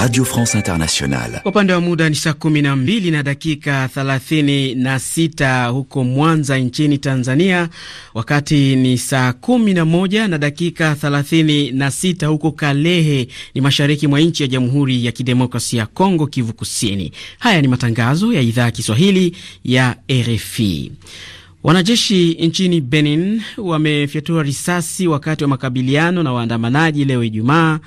Radio France Internationale. Kwa upande wa muda ni saa kumi na mbili na dakika thelathini na sita huko Mwanza nchini Tanzania, wakati ni saa kumi na moja na dakika thelathini na sita huko Kalehe ni mashariki mwa nchi ya Jamhuri ya Kidemokrasia ya Kongo, Kivu Kusini. Haya ni matangazo ya idhaa ya Kiswahili ya RFI. Wanajeshi nchini Benin wamefyatua risasi wakati wa makabiliano na waandamanaji leo Ijumaa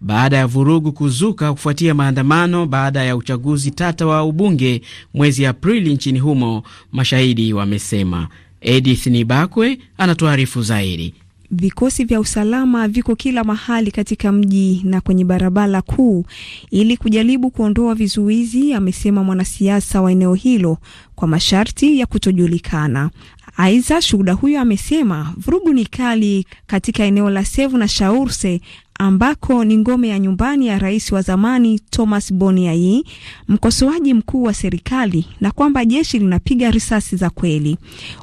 baada ya vurugu kuzuka kufuatia maandamano baada ya uchaguzi tata wa ubunge mwezi Aprili nchini humo, mashahidi wamesema. Edith Nibakwe anatuarifu zaidi. Vikosi vya usalama viko kila mahali katika mji na kwenye barabara kuu ili kujaribu kuondoa vizuizi, amesema mwanasiasa wa eneo hilo kwa masharti ya kutojulikana. Aidha, shuhuda huyo amesema vurugu ni kali katika eneo la Sevu na Shaurse ambako ni ngome ya nyumbani ya rais wa zamani Thomas Boniai, mkosoaji mkuu wa serikali, na kwamba jeshi linapiga risasi za kweli.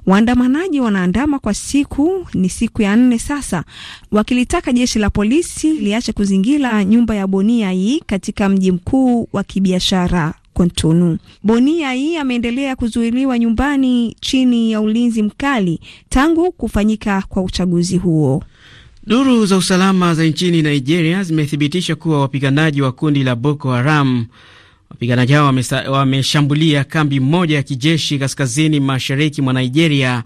Waandamanaji wanaandama kwa siku, ni siku ya nne sasa, wakilitaka jeshi la polisi liache kuzingira nyumba ya Boniai katika mji mkuu wa kibiashara Kontunu. Bonia hii ameendelea kuzuiliwa nyumbani chini ya ulinzi mkali tangu kufanyika kwa uchaguzi huo. Duru za usalama za nchini Nigeria zimethibitisha kuwa wapiganaji wa kundi la Boko Haram wapiganaji hao wameshambulia kambi moja ya kijeshi kaskazini mashariki mwa Nigeria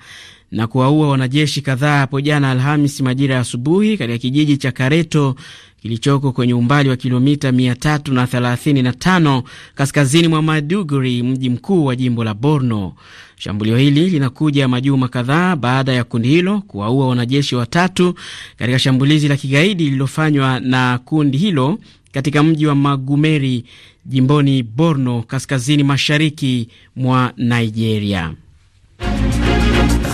na kuwaua wanajeshi kadhaa hapo jana Alhamis majira ya asubuhi katika kijiji cha Kareto kilichoko kwenye umbali wa kilomita 335 kaskazini mwa Maduguri, mji mkuu wa jimbo la Borno. Shambulio hili linakuja majuma kadhaa baada ya kundi hilo kuwaua wanajeshi watatu katika shambulizi la kigaidi lililofanywa na kundi hilo katika mji wa Magumeri jimboni Borno, kaskazini mashariki mwa Nigeria.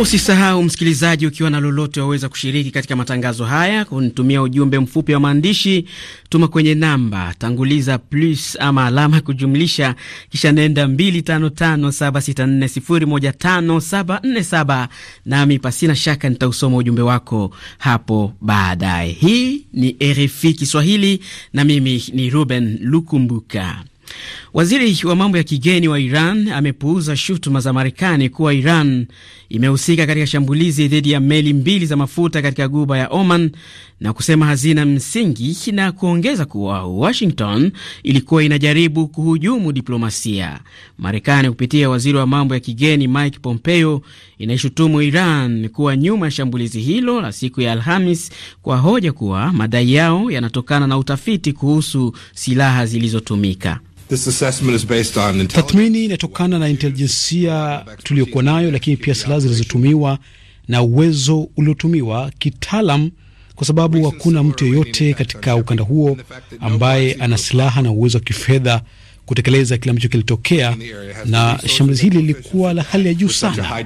Usisahau msikilizaji, ukiwa na lolote waweza kushiriki katika matangazo haya, kunitumia ujumbe mfupi wa maandishi, tuma kwenye namba tanguliza plus ama alama kujumlisha, kisha nenda 255764015747 nami pasina shaka nitausoma ujumbe wako hapo baadaye. Hii ni RFI Kiswahili na mimi ni Ruben Lukumbuka. Waziri wa mambo ya kigeni wa Iran amepuuza shutuma za Marekani kuwa Iran imehusika katika shambulizi dhidi ya meli mbili za mafuta katika guba ya Oman na kusema hazina msingi na kuongeza kuwa Washington ilikuwa inajaribu kuhujumu diplomasia. Marekani kupitia waziri wa mambo ya kigeni Mike Pompeo inaishutumu Iran kuwa nyuma ya shambulizi hilo la siku ya Alhamis kwa hoja kuwa madai yao yanatokana na utafiti kuhusu silaha zilizotumika. Tathmini inatokana na intelijensia tuliyokuwa nayo, lakini pia silaha zilizotumiwa na uwezo uliotumiwa kitaalam, kwa sababu hakuna mtu yeyote katika ukanda huo ambaye ana silaha na uwezo wa kifedha kutekeleza kile ambacho kilitokea, na shambulizi hili lilikuwa la hali ya juu sana.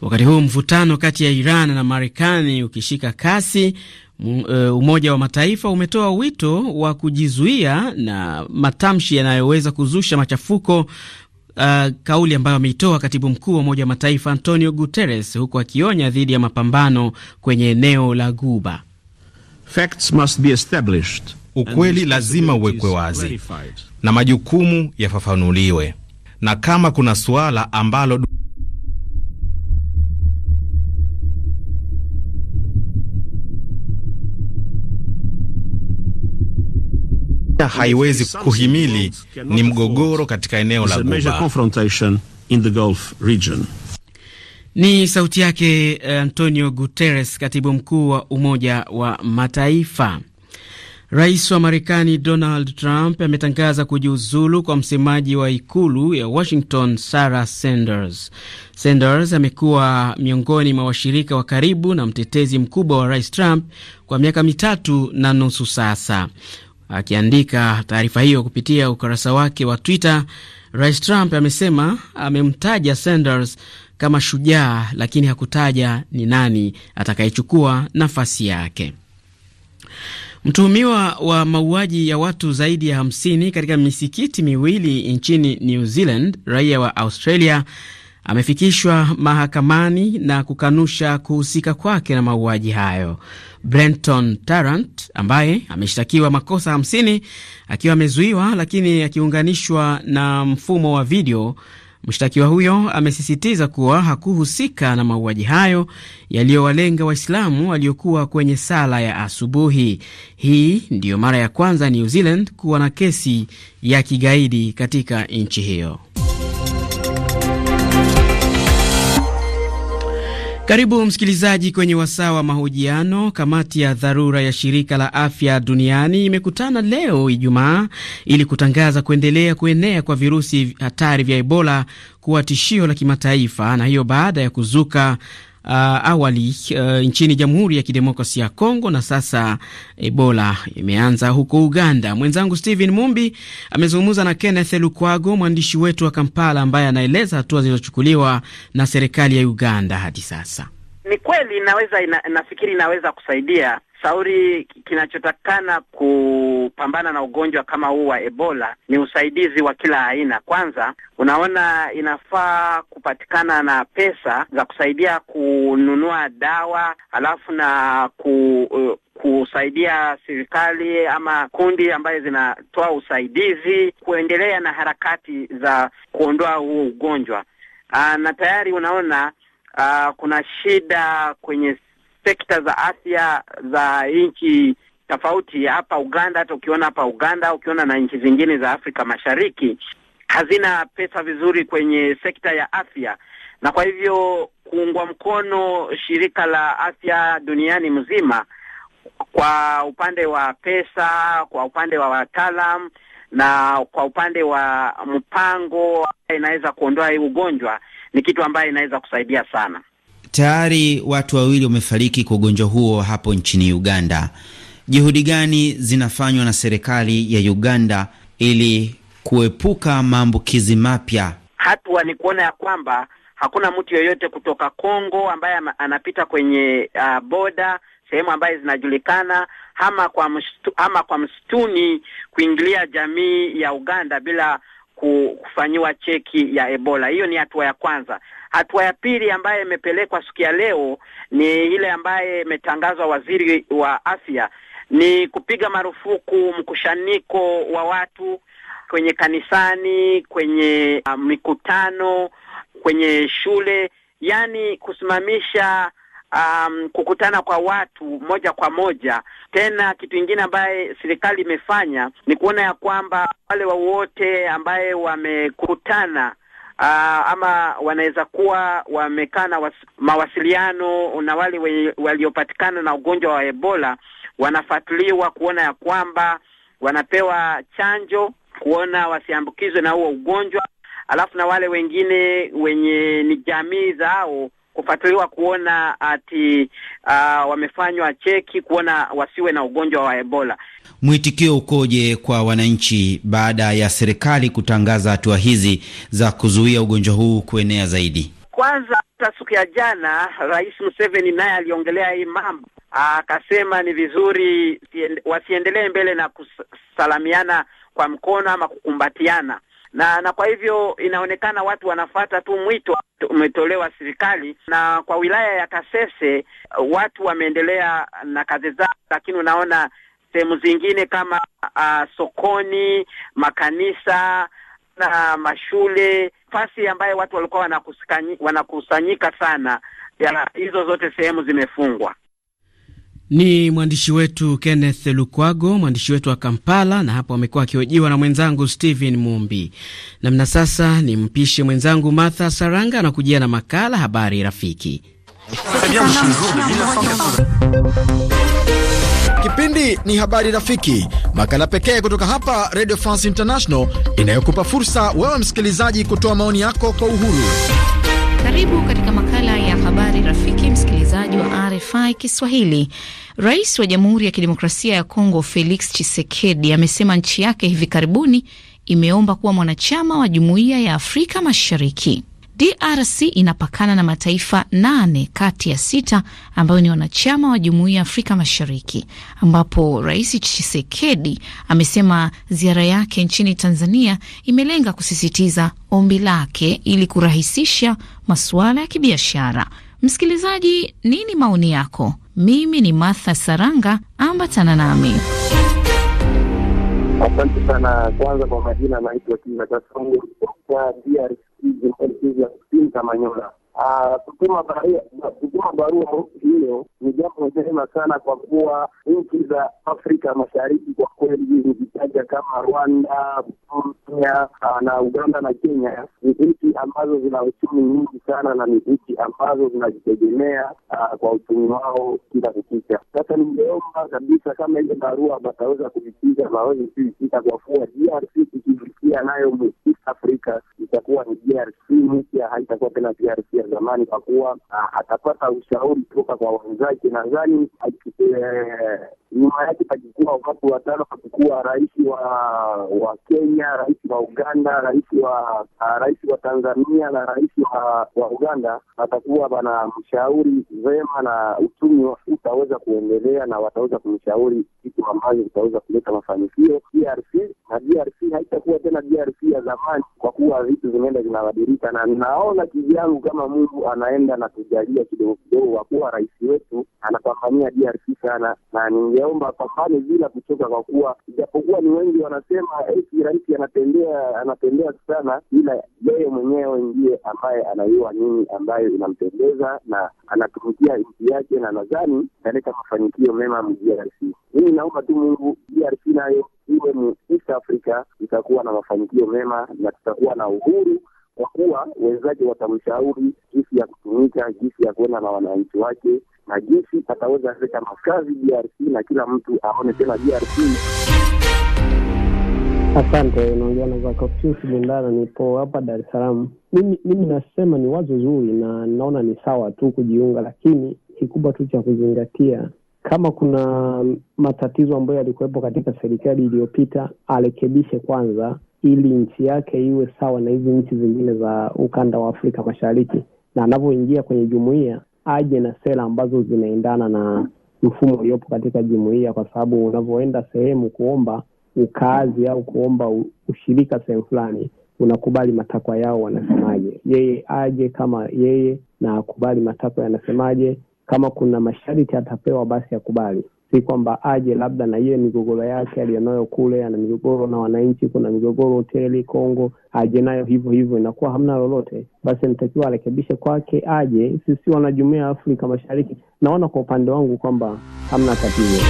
Wakati huu mvutano kati ya Iran na Marekani ukishika kasi, E, Umoja wa Mataifa umetoa wito wa kujizuia na matamshi yanayoweza kuzusha machafuko. Uh, kauli ambayo ameitoa katibu mkuu wa Umoja wa Mataifa Antonio Guterres, huku akionya dhidi ya mapambano kwenye eneo la Guba. Facts must be established, ukweli lazima uwekwe wazi na majukumu yafafanuliwe, na kama kuna suala ambalo haiwezi kuhimili ni mgogoro katika eneo la Guba. Ni sauti yake eh, Antonio Guterres, katibu mkuu wa Umoja wa Mataifa. Rais wa Marekani Donald Trump ametangaza kujiuzulu kwa msemaji wa ikulu ya Washington Sarah Sanders. Sanders amekuwa miongoni mwa washirika wa karibu na mtetezi mkubwa wa rais Trump kwa miaka mitatu na nusu sasa. Akiandika taarifa hiyo kupitia ukurasa wake wa Twitter, Rais Trump amesema amemtaja Sanders kama shujaa, lakini hakutaja ni nani atakayechukua nafasi yake. Mtuhumiwa wa mauaji ya watu zaidi ya 50 katika misikiti miwili nchini New Zealand, raia wa Australia amefikishwa mahakamani na kukanusha kuhusika kwake na mauaji hayo. Brenton Tarrant ambaye ameshtakiwa makosa 50 akiwa amezuiwa, lakini akiunganishwa na mfumo wa video Mshtakiwa huyo amesisitiza kuwa hakuhusika na mauaji hayo yaliyowalenga Waislamu waliokuwa kwenye sala ya asubuhi. Hii ndiyo mara ya kwanza New Zealand kuwa na kesi ya kigaidi katika nchi hiyo. Karibu msikilizaji kwenye wasaa wa mahojiano. Kamati ya dharura ya shirika la afya duniani imekutana leo Ijumaa ili kutangaza kuendelea kuenea kwa virusi hatari vya Ebola kuwa tishio la kimataifa, na hiyo baada ya kuzuka uh, awali uh, nchini Jamhuri ya Kidemokrasia ya Kongo na sasa Ebola imeanza huko Uganda. Mwenzangu Steven Mumbi amezungumza na Kenneth Lukwago, mwandishi wetu wa Kampala, ambaye anaeleza hatua zilizochukuliwa na serikali ya Uganda hadi sasa. Ni kweli inaweza ina, nafikiri inaweza kusaidia shauri kinachotakana kupambana na ugonjwa kama huu wa Ebola ni usaidizi wa kila aina. Kwanza, unaona inafaa kupatikana na pesa za kusaidia kununua dawa, alafu na ku, uh, kusaidia serikali ama kundi ambayo zinatoa usaidizi kuendelea na harakati za kuondoa huu ugonjwa. Aa, na tayari unaona aa, kuna shida kwenye sekta za afya za nchi tofauti. Hapa Uganda, hata ukiona hapa Uganda, ukiona na nchi zingine za Afrika Mashariki, hazina pesa vizuri kwenye sekta ya afya, na kwa hivyo kuungwa mkono shirika la afya duniani mzima kwa upande wa pesa, kwa upande wa wataalam na kwa upande wa mpango inaweza kuondoa hii ugonjwa ni kitu ambayo inaweza kusaidia sana. Tayari watu wawili wamefariki kwa ugonjwa huo hapo nchini Uganda. Juhudi gani zinafanywa na serikali ya Uganda ili kuepuka maambukizi mapya? Hatua ni kuona ya kwamba hakuna mtu yoyote kutoka Kongo ambaye anapita kwenye uh, ah, boda sehemu ambayo zinajulikana ama kwa mstu, ama kwa msituni kuingilia jamii ya Uganda bila kufanyiwa cheki ya Ebola. Hiyo ni hatua ya kwanza. Hatua ya pili ambayo imepelekwa siku ya leo ni ile ambaye imetangazwa waziri wa afya, ni kupiga marufuku mkushaniko wa watu kwenye kanisani, kwenye uh, mikutano, kwenye shule, yaani kusimamisha Um, kukutana kwa watu moja kwa moja. Tena kitu ingine ambaye serikali imefanya ni kuona ya kwamba wale wote ambaye wamekutana Uh, ama wanaweza kuwa wamekaa na mawasiliano na wale waliopatikana na ugonjwa wa Ebola, wanafuatiliwa kuona ya kwamba wanapewa chanjo kuona wasiambukizwe na huo ugonjwa, alafu na wale wengine wenye ni jamii zao kufuatiliwa kuona ati uh, wamefanywa cheki kuona wasiwe na ugonjwa wa Ebola. Mwitikio ukoje kwa wananchi baada ya serikali kutangaza hatua hizi za kuzuia ugonjwa huu kuenea zaidi? Kwanza, hata siku ya jana Rais Museveni naye aliongelea hii mambo, akasema ni vizuri wasiendelee mbele na kusalamiana kwa mkono ama kukumbatiana na na kwa hivyo inaonekana watu wanafata tu mwito umetolewa serikali. Na kwa wilaya ya Kasese watu wameendelea na kazi zao, lakini unaona sehemu zingine kama uh, sokoni, makanisa na mashule, nafasi ambayo watu walikuwa wanakusanyika sana ya, hizo zote sehemu zimefungwa. Ni mwandishi wetu Kenneth Lukwago, mwandishi wetu wa Kampala, na hapo amekuwa akihojiwa na mwenzangu Stephen Mumbi. Namna sasa ni mpishe mwenzangu Martha Saranga anakujia na makala Habari Rafiki. Kipindi ni Habari Rafiki, makala pekee kutoka hapa Radio France International inayokupa fursa wewe msikilizaji kutoa maoni yako kwa uhuru. Karibu katika makala ya Habari Rafiki, msikilizaji wa RFI Kiswahili. Rais wa Jamhuri ya Kidemokrasia ya Kongo Felix Tshisekedi amesema nchi yake hivi karibuni imeomba kuwa mwanachama wa Jumuiya ya Afrika Mashariki. DRC inapakana na mataifa nane kati ya sita ambayo ni wanachama wa Jumuiya ya Afrika Mashariki, ambapo Rais Tshisekedi amesema ziara yake nchini Tanzania imelenga kusisitiza ombi lake ili kurahisisha masuala ya kibiashara. Msikilizaji, nini maoni yako? Mimi ni Martha Saranga, ambatana nami. Asante sana. Kwanza kwa majina, naitwa Kinga Kasongo kutoka DRC, Jamhuri ya Kusini, Kamanyola. Ah, kutuma barua kutuma barua hiyo ni jambo jema sana, kwa kuwa nchi za Afrika Mashariki kwa kweli nikitaja kama Rwanda, Burundi ah, na Uganda na Kenya ni nchi ambazo zina uchumi nyingi sana na ni nchi ambazo zinajitegemea ah, kwa uchumi wao kila kukicha. Sasa ningeomba kabisa kama ile barua bataweza kuvipiza bawezi kuitika, kwa kuwa DRC ikivikia nayo Afrika itakuwa ni DRC mpya, haitakuwa tena DRC ya zamani, kwa kuwa ah, atapata ushauri kutoka kwa wenzake. Nadhani eh, nyuma yake pakikuwa watu watano, pakikuwa rais wa wa Kenya, rais wa Uganda, rais wa ah, rais wa Tanzania na rais wa, wa Uganda, atakuwa bana mshauri vema na uchumi utaweza kuendelea na wataweza kumshauri vitu ambavyo vitaweza kuleta mafanikio DRC, na DRC haitakuwa tena DRC ya zamani, kwa kuwa vitu vinaenda vinabadilika, na naona kivyangu kama Mungu anaenda na kujalia kidogo kidogo, kwa kuwa rais wetu anapambania DRC sana na ninge tukiyaomba pafane bila kuchoka, kwa kuwa ijapokuwa ni wengi wanasema eti eh, rais anatembea anatembea sana, ila yeye mwenyewe ndiye ambaye anaiwa nini ambayo inampendeza na anatumikia nchi yake, na nadhani italeta mafanikio mema mDRC. Mimi naomba tu Mungu DRC nayo iwe ni East Africa, itakuwa na mafanikio mema na tutakuwa na uhuru kwa kuwa wenzake watamshauri jinsi ya kutumika, jinsi ya kuenda na wananchi wake na jinsi ataweza kuleta makazi DRC na kila mtu aone tena DRC. Asante. Unaongea na Zakoptus Bundana, nipo hapa Dar es Salaam. Mimi mimi nasema ni wazo zuri na naona ni sawa tu kujiunga, lakini kikubwa tu cha kuzingatia kama kuna matatizo ambayo yalikuwepo katika serikali iliyopita arekebishe kwanza, ili nchi yake iwe sawa na hizi nchi zingine za ukanda wa Afrika Mashariki, na anavyoingia kwenye jumuiya aje na sera ambazo zinaendana na mfumo uliopo katika jumuiya, kwa sababu unavyoenda sehemu kuomba ukaazi au kuomba ushirika sehemu fulani, unakubali matakwa yao wanasemaje, yeye aje kama yeye na akubali matakwa yanasemaje, kama kuna masharti atapewa basi akubali si kwamba aje labda na hiyo migogoro yake aliyonayo kule, ana migogoro na wananchi, kuna migogoro hoteli Kongo, aje nayo hivyo hivyo, inakuwa hamna lolote. Basi anatakiwa arekebishe kwake, aje. Sisi wanajumuia ya Afrika Mashariki, naona kwa upande wangu kwamba hamna tatizo.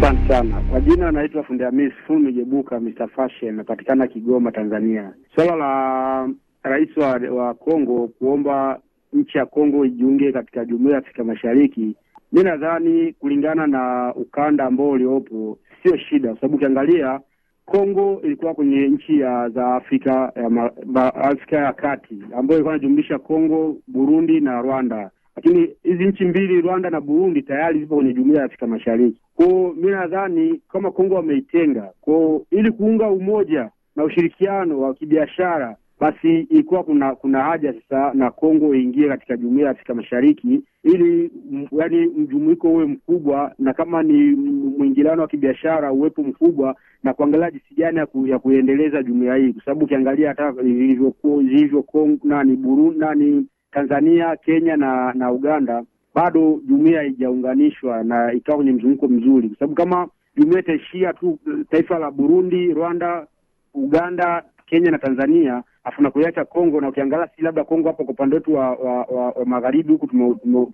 Asante sana. Kwa jina anaitwa Fundi Amis Ful Mijebuka, Mr Fashion, napatikana Kigoma, Tanzania. Swala la rais wa, Kongo kuomba nchi ya Kongo ijiunge katika jumuia ya Afrika Mashariki Mi nadhani kulingana na ukanda ambao uliopo sio shida, kwa sababu ukiangalia Kongo ilikuwa kwenye nchi ya za Afrika ya ma, ba, Afrika ya kati ambayo ilikuwa inajumlisha Kongo, Burundi na Rwanda, lakini hizi nchi mbili Rwanda na Burundi tayari zipo kwenye jumuia ya Afrika Mashariki. Kwao mi nadhani kama Kongo wameitenga kwao, ili kuunga umoja na ushirikiano wa kibiashara basi ilikuwa kuna kuna haja sasa na Kongo iingie katika jumuia ya Afrika Mashariki ili yaani mjumuiko uwe mkubwa, na kama ni mwingiliano wa kibiashara uwepo mkubwa, na kuangalia jinsi gani ya, kuendeleza jumuia hii, kwa sababu ukiangalia hata ilivyo nani Burundi nani Tanzania, Kenya na na Uganda, bado jumuia haijaunganishwa na ikawa kwenye mzunguko mzuri, kwa sababu kama jumuia itaishia tu taifa la Burundi, Rwanda, Uganda Kenya na Tanzania afu na kuiacha Kongo, na ukiangalia si labda Kongo hapo kwa upande wetu wa, wa, wa, wa magharibi huku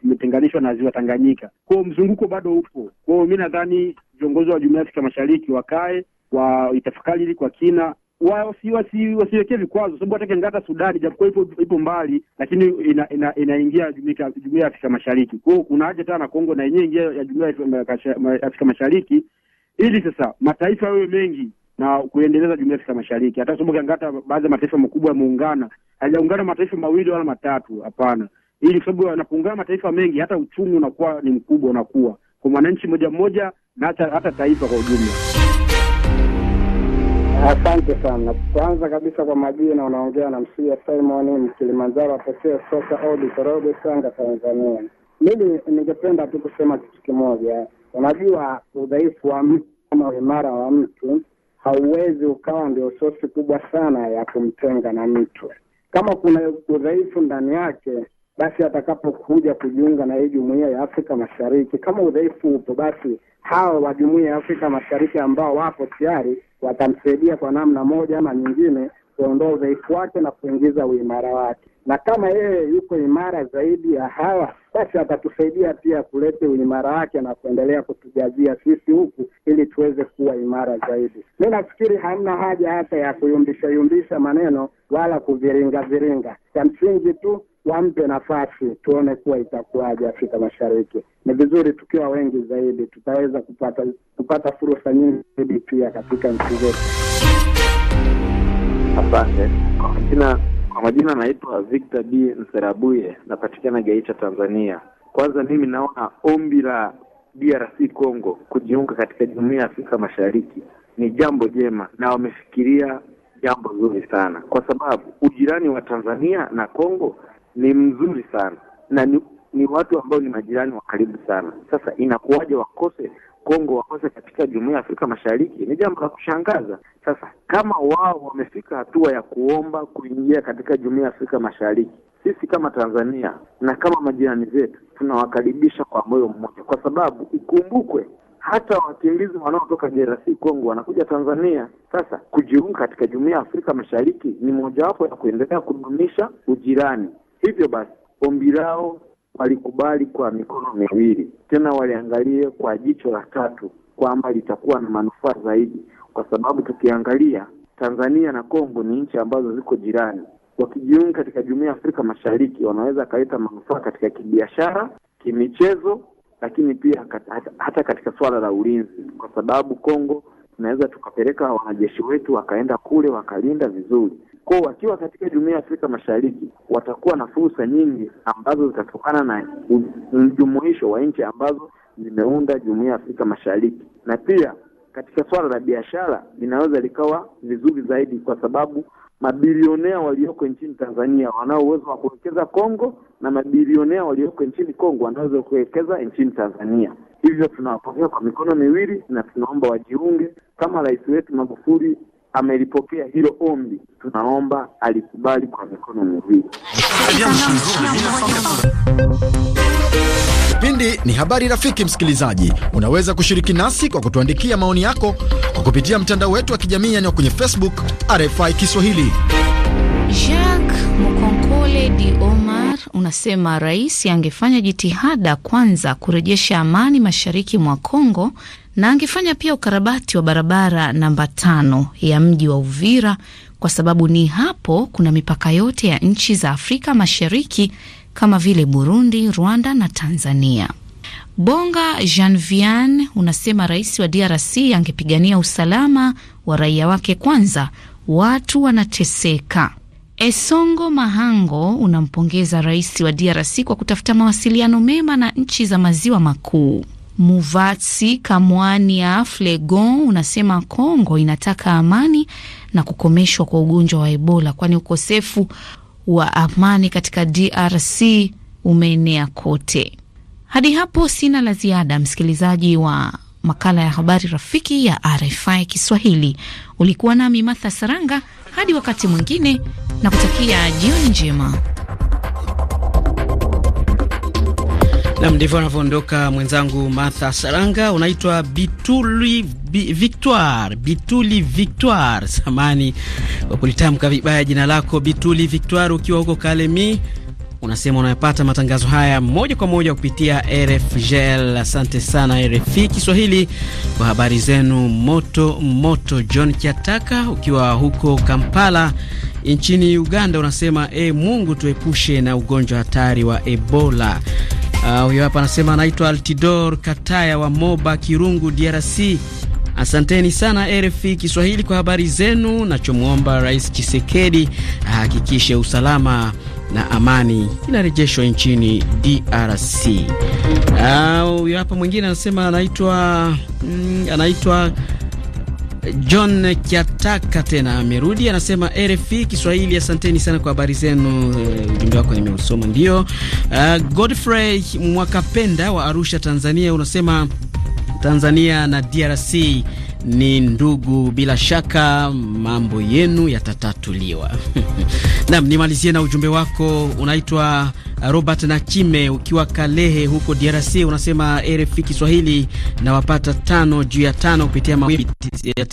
tumetenganishwa na ziwa Tanganyika, Kwao mzunguko bado upo. Kwao mi nadhani viongozi wa Jumuiya ya Afrika Mashariki wakae waitafakari hili kwa kina wasiwekee vikwazo sababu hata kiangata Sudani japokuwa ipo ipo mbali, lakini inaingia ina, ina jumuiya ya Afrika Mashariki. Kwa hiyo kuna haja tena na Kongo na yenyewe ingia ya jumuiya ya Afrika Mashariki, ili sasa mataifa yawe mengi na kuendeleza jumuiya Afrika Mashariki. Hata hata baadhi ya mataifa makubwa yameungana, hajaungana mataifa mawili wala matatu, hapana, ili kwa sababu yanapoungana mataifa mengi, hata uchumi unakuwa ni mkubwa, unakuwa kwa mwananchi moja mmoja na hata hata taifa kwa ujumla. Asante sana. Kwanza kabisa kwa majina, unaongea na Msia Simon Mkilimanjaro apokee soka auditorogo Sanga, Tanzania. Mimi ningependa tu kusema kitu kimoja. Unajua udhaifu wa mtu ama uimara wa mtu hauwezi ukawa ndio sosi kubwa sana ya kumtenga na mtu. Kama kuna udhaifu ndani yake, basi atakapokuja kujiunga na hii jumuiya ya Afrika Mashariki, kama udhaifu upo, basi hao wa jumuiya ya Afrika Mashariki ambao wapo tayari watamsaidia kwa namna moja ama nyingine kuondoa udhaifu wake na kuingiza uimara wake, na kama yeye yuko imara zaidi ya hawa, basi atatusaidia pia kulete uimara wake na kuendelea kutujazia sisi huku, ili tuweze kuwa imara zaidi. Mi nafikiri hamna haja hata ya kuyumbisha yumbisha maneno wala kuviringa viringa, cha msingi tu wampe nafasi, tuone kuwa itakuwaje. Afrika Mashariki ni vizuri tukiwa wengi zaidi, tutaweza kupata kupata fursa nyingi zaidi pia katika nchi zetu. Asante kwa majina. Kwa majina naitwa Victor B Mserabuye, napatikana Geita, Tanzania. Kwanza mimi naona ombi la DRC Congo kujiunga katika jumuiya ya Afrika Mashariki ni jambo jema na wamefikiria jambo zuri sana, kwa sababu ujirani wa Tanzania na Congo ni mzuri sana na ni, ni watu ambao ni majirani wa karibu sana. Sasa inakuwaje wakose Kongo wakose katika jumuiya ya Afrika Mashariki ni jambo la kushangaza. Sasa kama wao wamefika hatua ya kuomba kuingia katika jumuiya ya Afrika Mashariki, sisi kama Tanzania na kama majirani zetu tunawakaribisha kwa moyo mmoja, kwa sababu ikumbukwe hata wakimbizi wanaotoka DRC Kongo wanakuja Tanzania. Sasa kujiunga katika jumuiya ya Afrika Mashariki ni mojawapo ya kuendelea kudumisha ujirani. Hivyo basi ombi lao walikubali kwa mikono miwili, tena waliangalie kwa jicho la tatu kwamba litakuwa na manufaa zaidi, kwa sababu tukiangalia Tanzania na Kongo ni nchi ambazo ziko jirani. Wakijiunga katika jumuiya ya Afrika Mashariki wanaweza akaleta manufaa katika kibiashara, kimichezo, lakini pia hata katika suala la ulinzi, kwa sababu Kongo tunaweza tukapeleka wanajeshi wetu wakaenda kule wakalinda vizuri kwao. Wakiwa katika jumuiya ya Afrika Mashariki watakuwa na fursa nyingi ambazo zitatokana na mjumuisho wa nchi ambazo zimeunda jumuiya ya Afrika Mashariki, na pia katika swala la biashara linaweza likawa vizuri zaidi, kwa sababu mabilionea walioko nchini Tanzania wanao uwezo wa kuwekeza Kongo na mabilionea walioko nchini Kongo wanaweza kuwekeza nchini Tanzania. Hivyo tunawapokea kwa mikono miwili na tunaomba wajiunge kama rais wetu Magufuli amelipokea hilo ombi, tunaomba alikubali kwa mikono miwili. Kipindi ni habari rafiki. Msikilizaji, unaweza kushiriki nasi kwa kutuandikia maoni yako kwa kupitia mtandao wetu wa kijamii, yani kwenye Facebook RFI Kiswahili. Jacques Mukonkole di Omar unasema rais angefanya jitihada kwanza kurejesha amani mashariki mwa Kongo na angefanya pia ukarabati wa barabara namba tano ya mji wa Uvira kwa sababu ni hapo kuna mipaka yote ya nchi za Afrika Mashariki kama vile Burundi, Rwanda na Tanzania. Bonga Janvian unasema rais wa DRC angepigania usalama wa raia wake kwanza, watu wanateseka. Esongo Mahango unampongeza rais wa DRC kwa kutafuta mawasiliano mema na nchi za maziwa makuu. Muvatsi Kamwania Flegon unasema Kongo inataka amani na kukomeshwa kwa ugonjwa wa Ebola, kwani ukosefu wa amani katika DRC umeenea kote. Hadi hapo sina la ziada, msikilizaji wa makala ya habari rafiki ya RFI Kiswahili. Ulikuwa nami matha Saranga, hadi wakati mwingine, na kutakia jioni njema. Nam, ndivyo anavyoondoka mwenzangu Martha Saranga. Unaitwa Bituli Bi, Victoire Bituli Victoire, samani kwa kulitamka vibaya jina lako Bituli Victoire, ukiwa huko Kalemi unasema unayapata matangazo haya moja kwa moja kupitia RFGL. Asante sana RFI Kiswahili kwa habari zenu moto moto. John Kiataka ukiwa huko Kampala nchini Uganda unasema e, Mungu tuepushe na ugonjwa hatari wa Ebola. Ah, huyo uh, hapa anasema anaitwa Altidor Kataya wa Moba Kirungu, DRC. Asanteni sana RFI Kiswahili kwa habari zenu. Nachomwomba Rais Chisekedi ahakikishe usalama na amani inarejeshwa nchini DRC. Ah, huyo uh, hapa mwingine anasema anaitwa mm, anaitwa John Kiataka tena amerudi, anasema RFI Kiswahili, asanteni sana kwa habari zenu. Ujumbe wako nimeusoma, ndio. Uh, Godfrey Mwakapenda wa Arusha, Tanzania, unasema Tanzania na DRC ni ndugu, bila shaka mambo yenu yatatatuliwa. Naam, nimalizie na ujumbe wako unaitwa Robert Nakime ukiwa Kalehe huko DRC unasema RFI Kiswahili na wapata tano juu ya tano kupitia mawimbi ya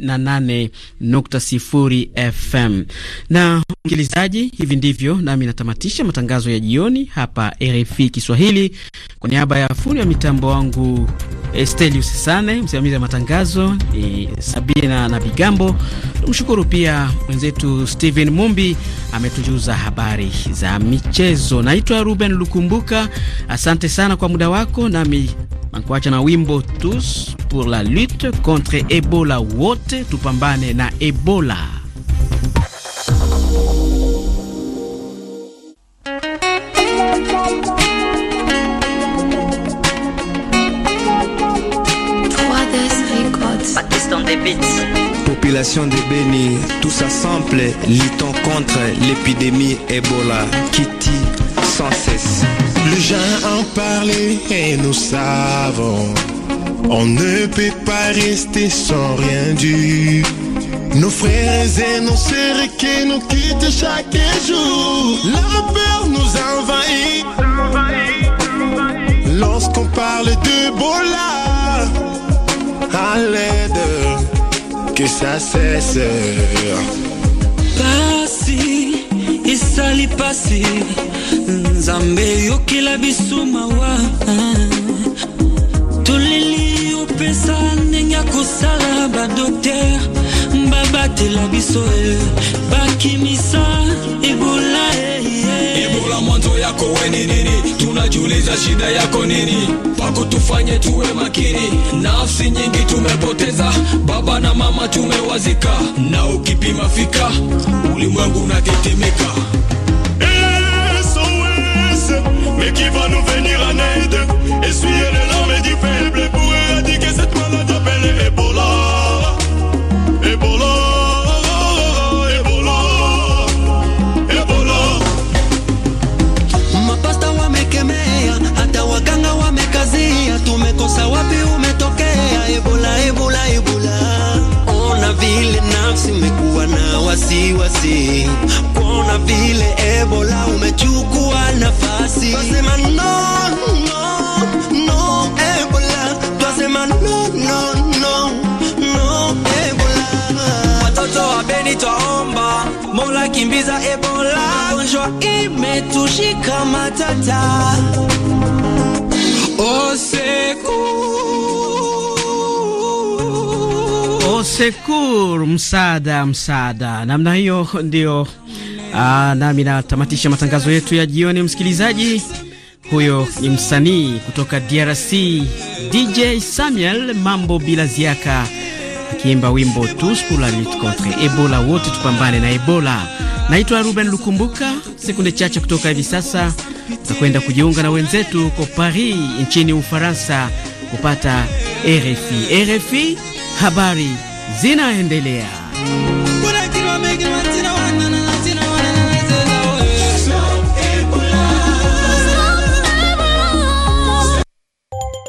na nane nukta sifuri FM. Na msikilizaji, hivi ndivyo nami natamatisha matangazo ya jioni hapa RFI Kiswahili. Kwa niaba ya fundi wa mitambo wangu Estelius Sane, msimamizi wa matangazo e, Sabina na Bigambo, tumshukuru pia mwenzetu Steven Mumbi ametujuza habari za michezo na Naitwa Ruben Lukumbuka, asante sana kwa muda wako, nami nakuacha na wimbo tous pour la lutte contre Ebola. Wote tupambane na Ebola. Population de Beni, tous ensemble, luttons contre l'épidémie Ebola. Kitty sans cesse. Les gens en parlent et nous savons. On ne peut pas rester sans rien du. Nos frères et nos sœurs qui nous quittent chaque jour. La peur nous envahit. Lorsqu'on parle de Bola, à l'aide, que ça cesse. isali pasi nzambe yokela biso mawa toleli opesa ndenge ya badokter babatela biso e bakimisa unajiuliza shida yako nini? Pakutufanye tuwe makini, nafsi nyingi tumepoteza, baba na mama tumewazika, na ukipima fika ulimwengu unatetemeka. SOS, mais qui va nous venir en aide? Essuyez les larmes et vile nafsi imekuwa na wasiwasi kuona vile Ebola umechukua nafasi. Twasema no, no, no Ebola, twasema no, no, no, no Ebola. Watoto wa Beni twaomba Mola, kimbiza Ebola, gonjwa imetushika matata. Oseku Sekur, msaada msaada, namna hiyo ndio. Aa, ah, nami natamatisha matangazo yetu ya jioni, msikilizaji. Huyo ni msanii kutoka DRC DJ Samuel Mambo bila ziaka akiimba wimbo tous pour la lutte contre Ebola, wote tupambane na Ebola. Naitwa Ruben Lukumbuka. Sekunde chache kutoka hivi sasa nakwenda kujiunga na wenzetu huko Paris nchini Ufaransa kupata RFI. RFI habari zinaendelea.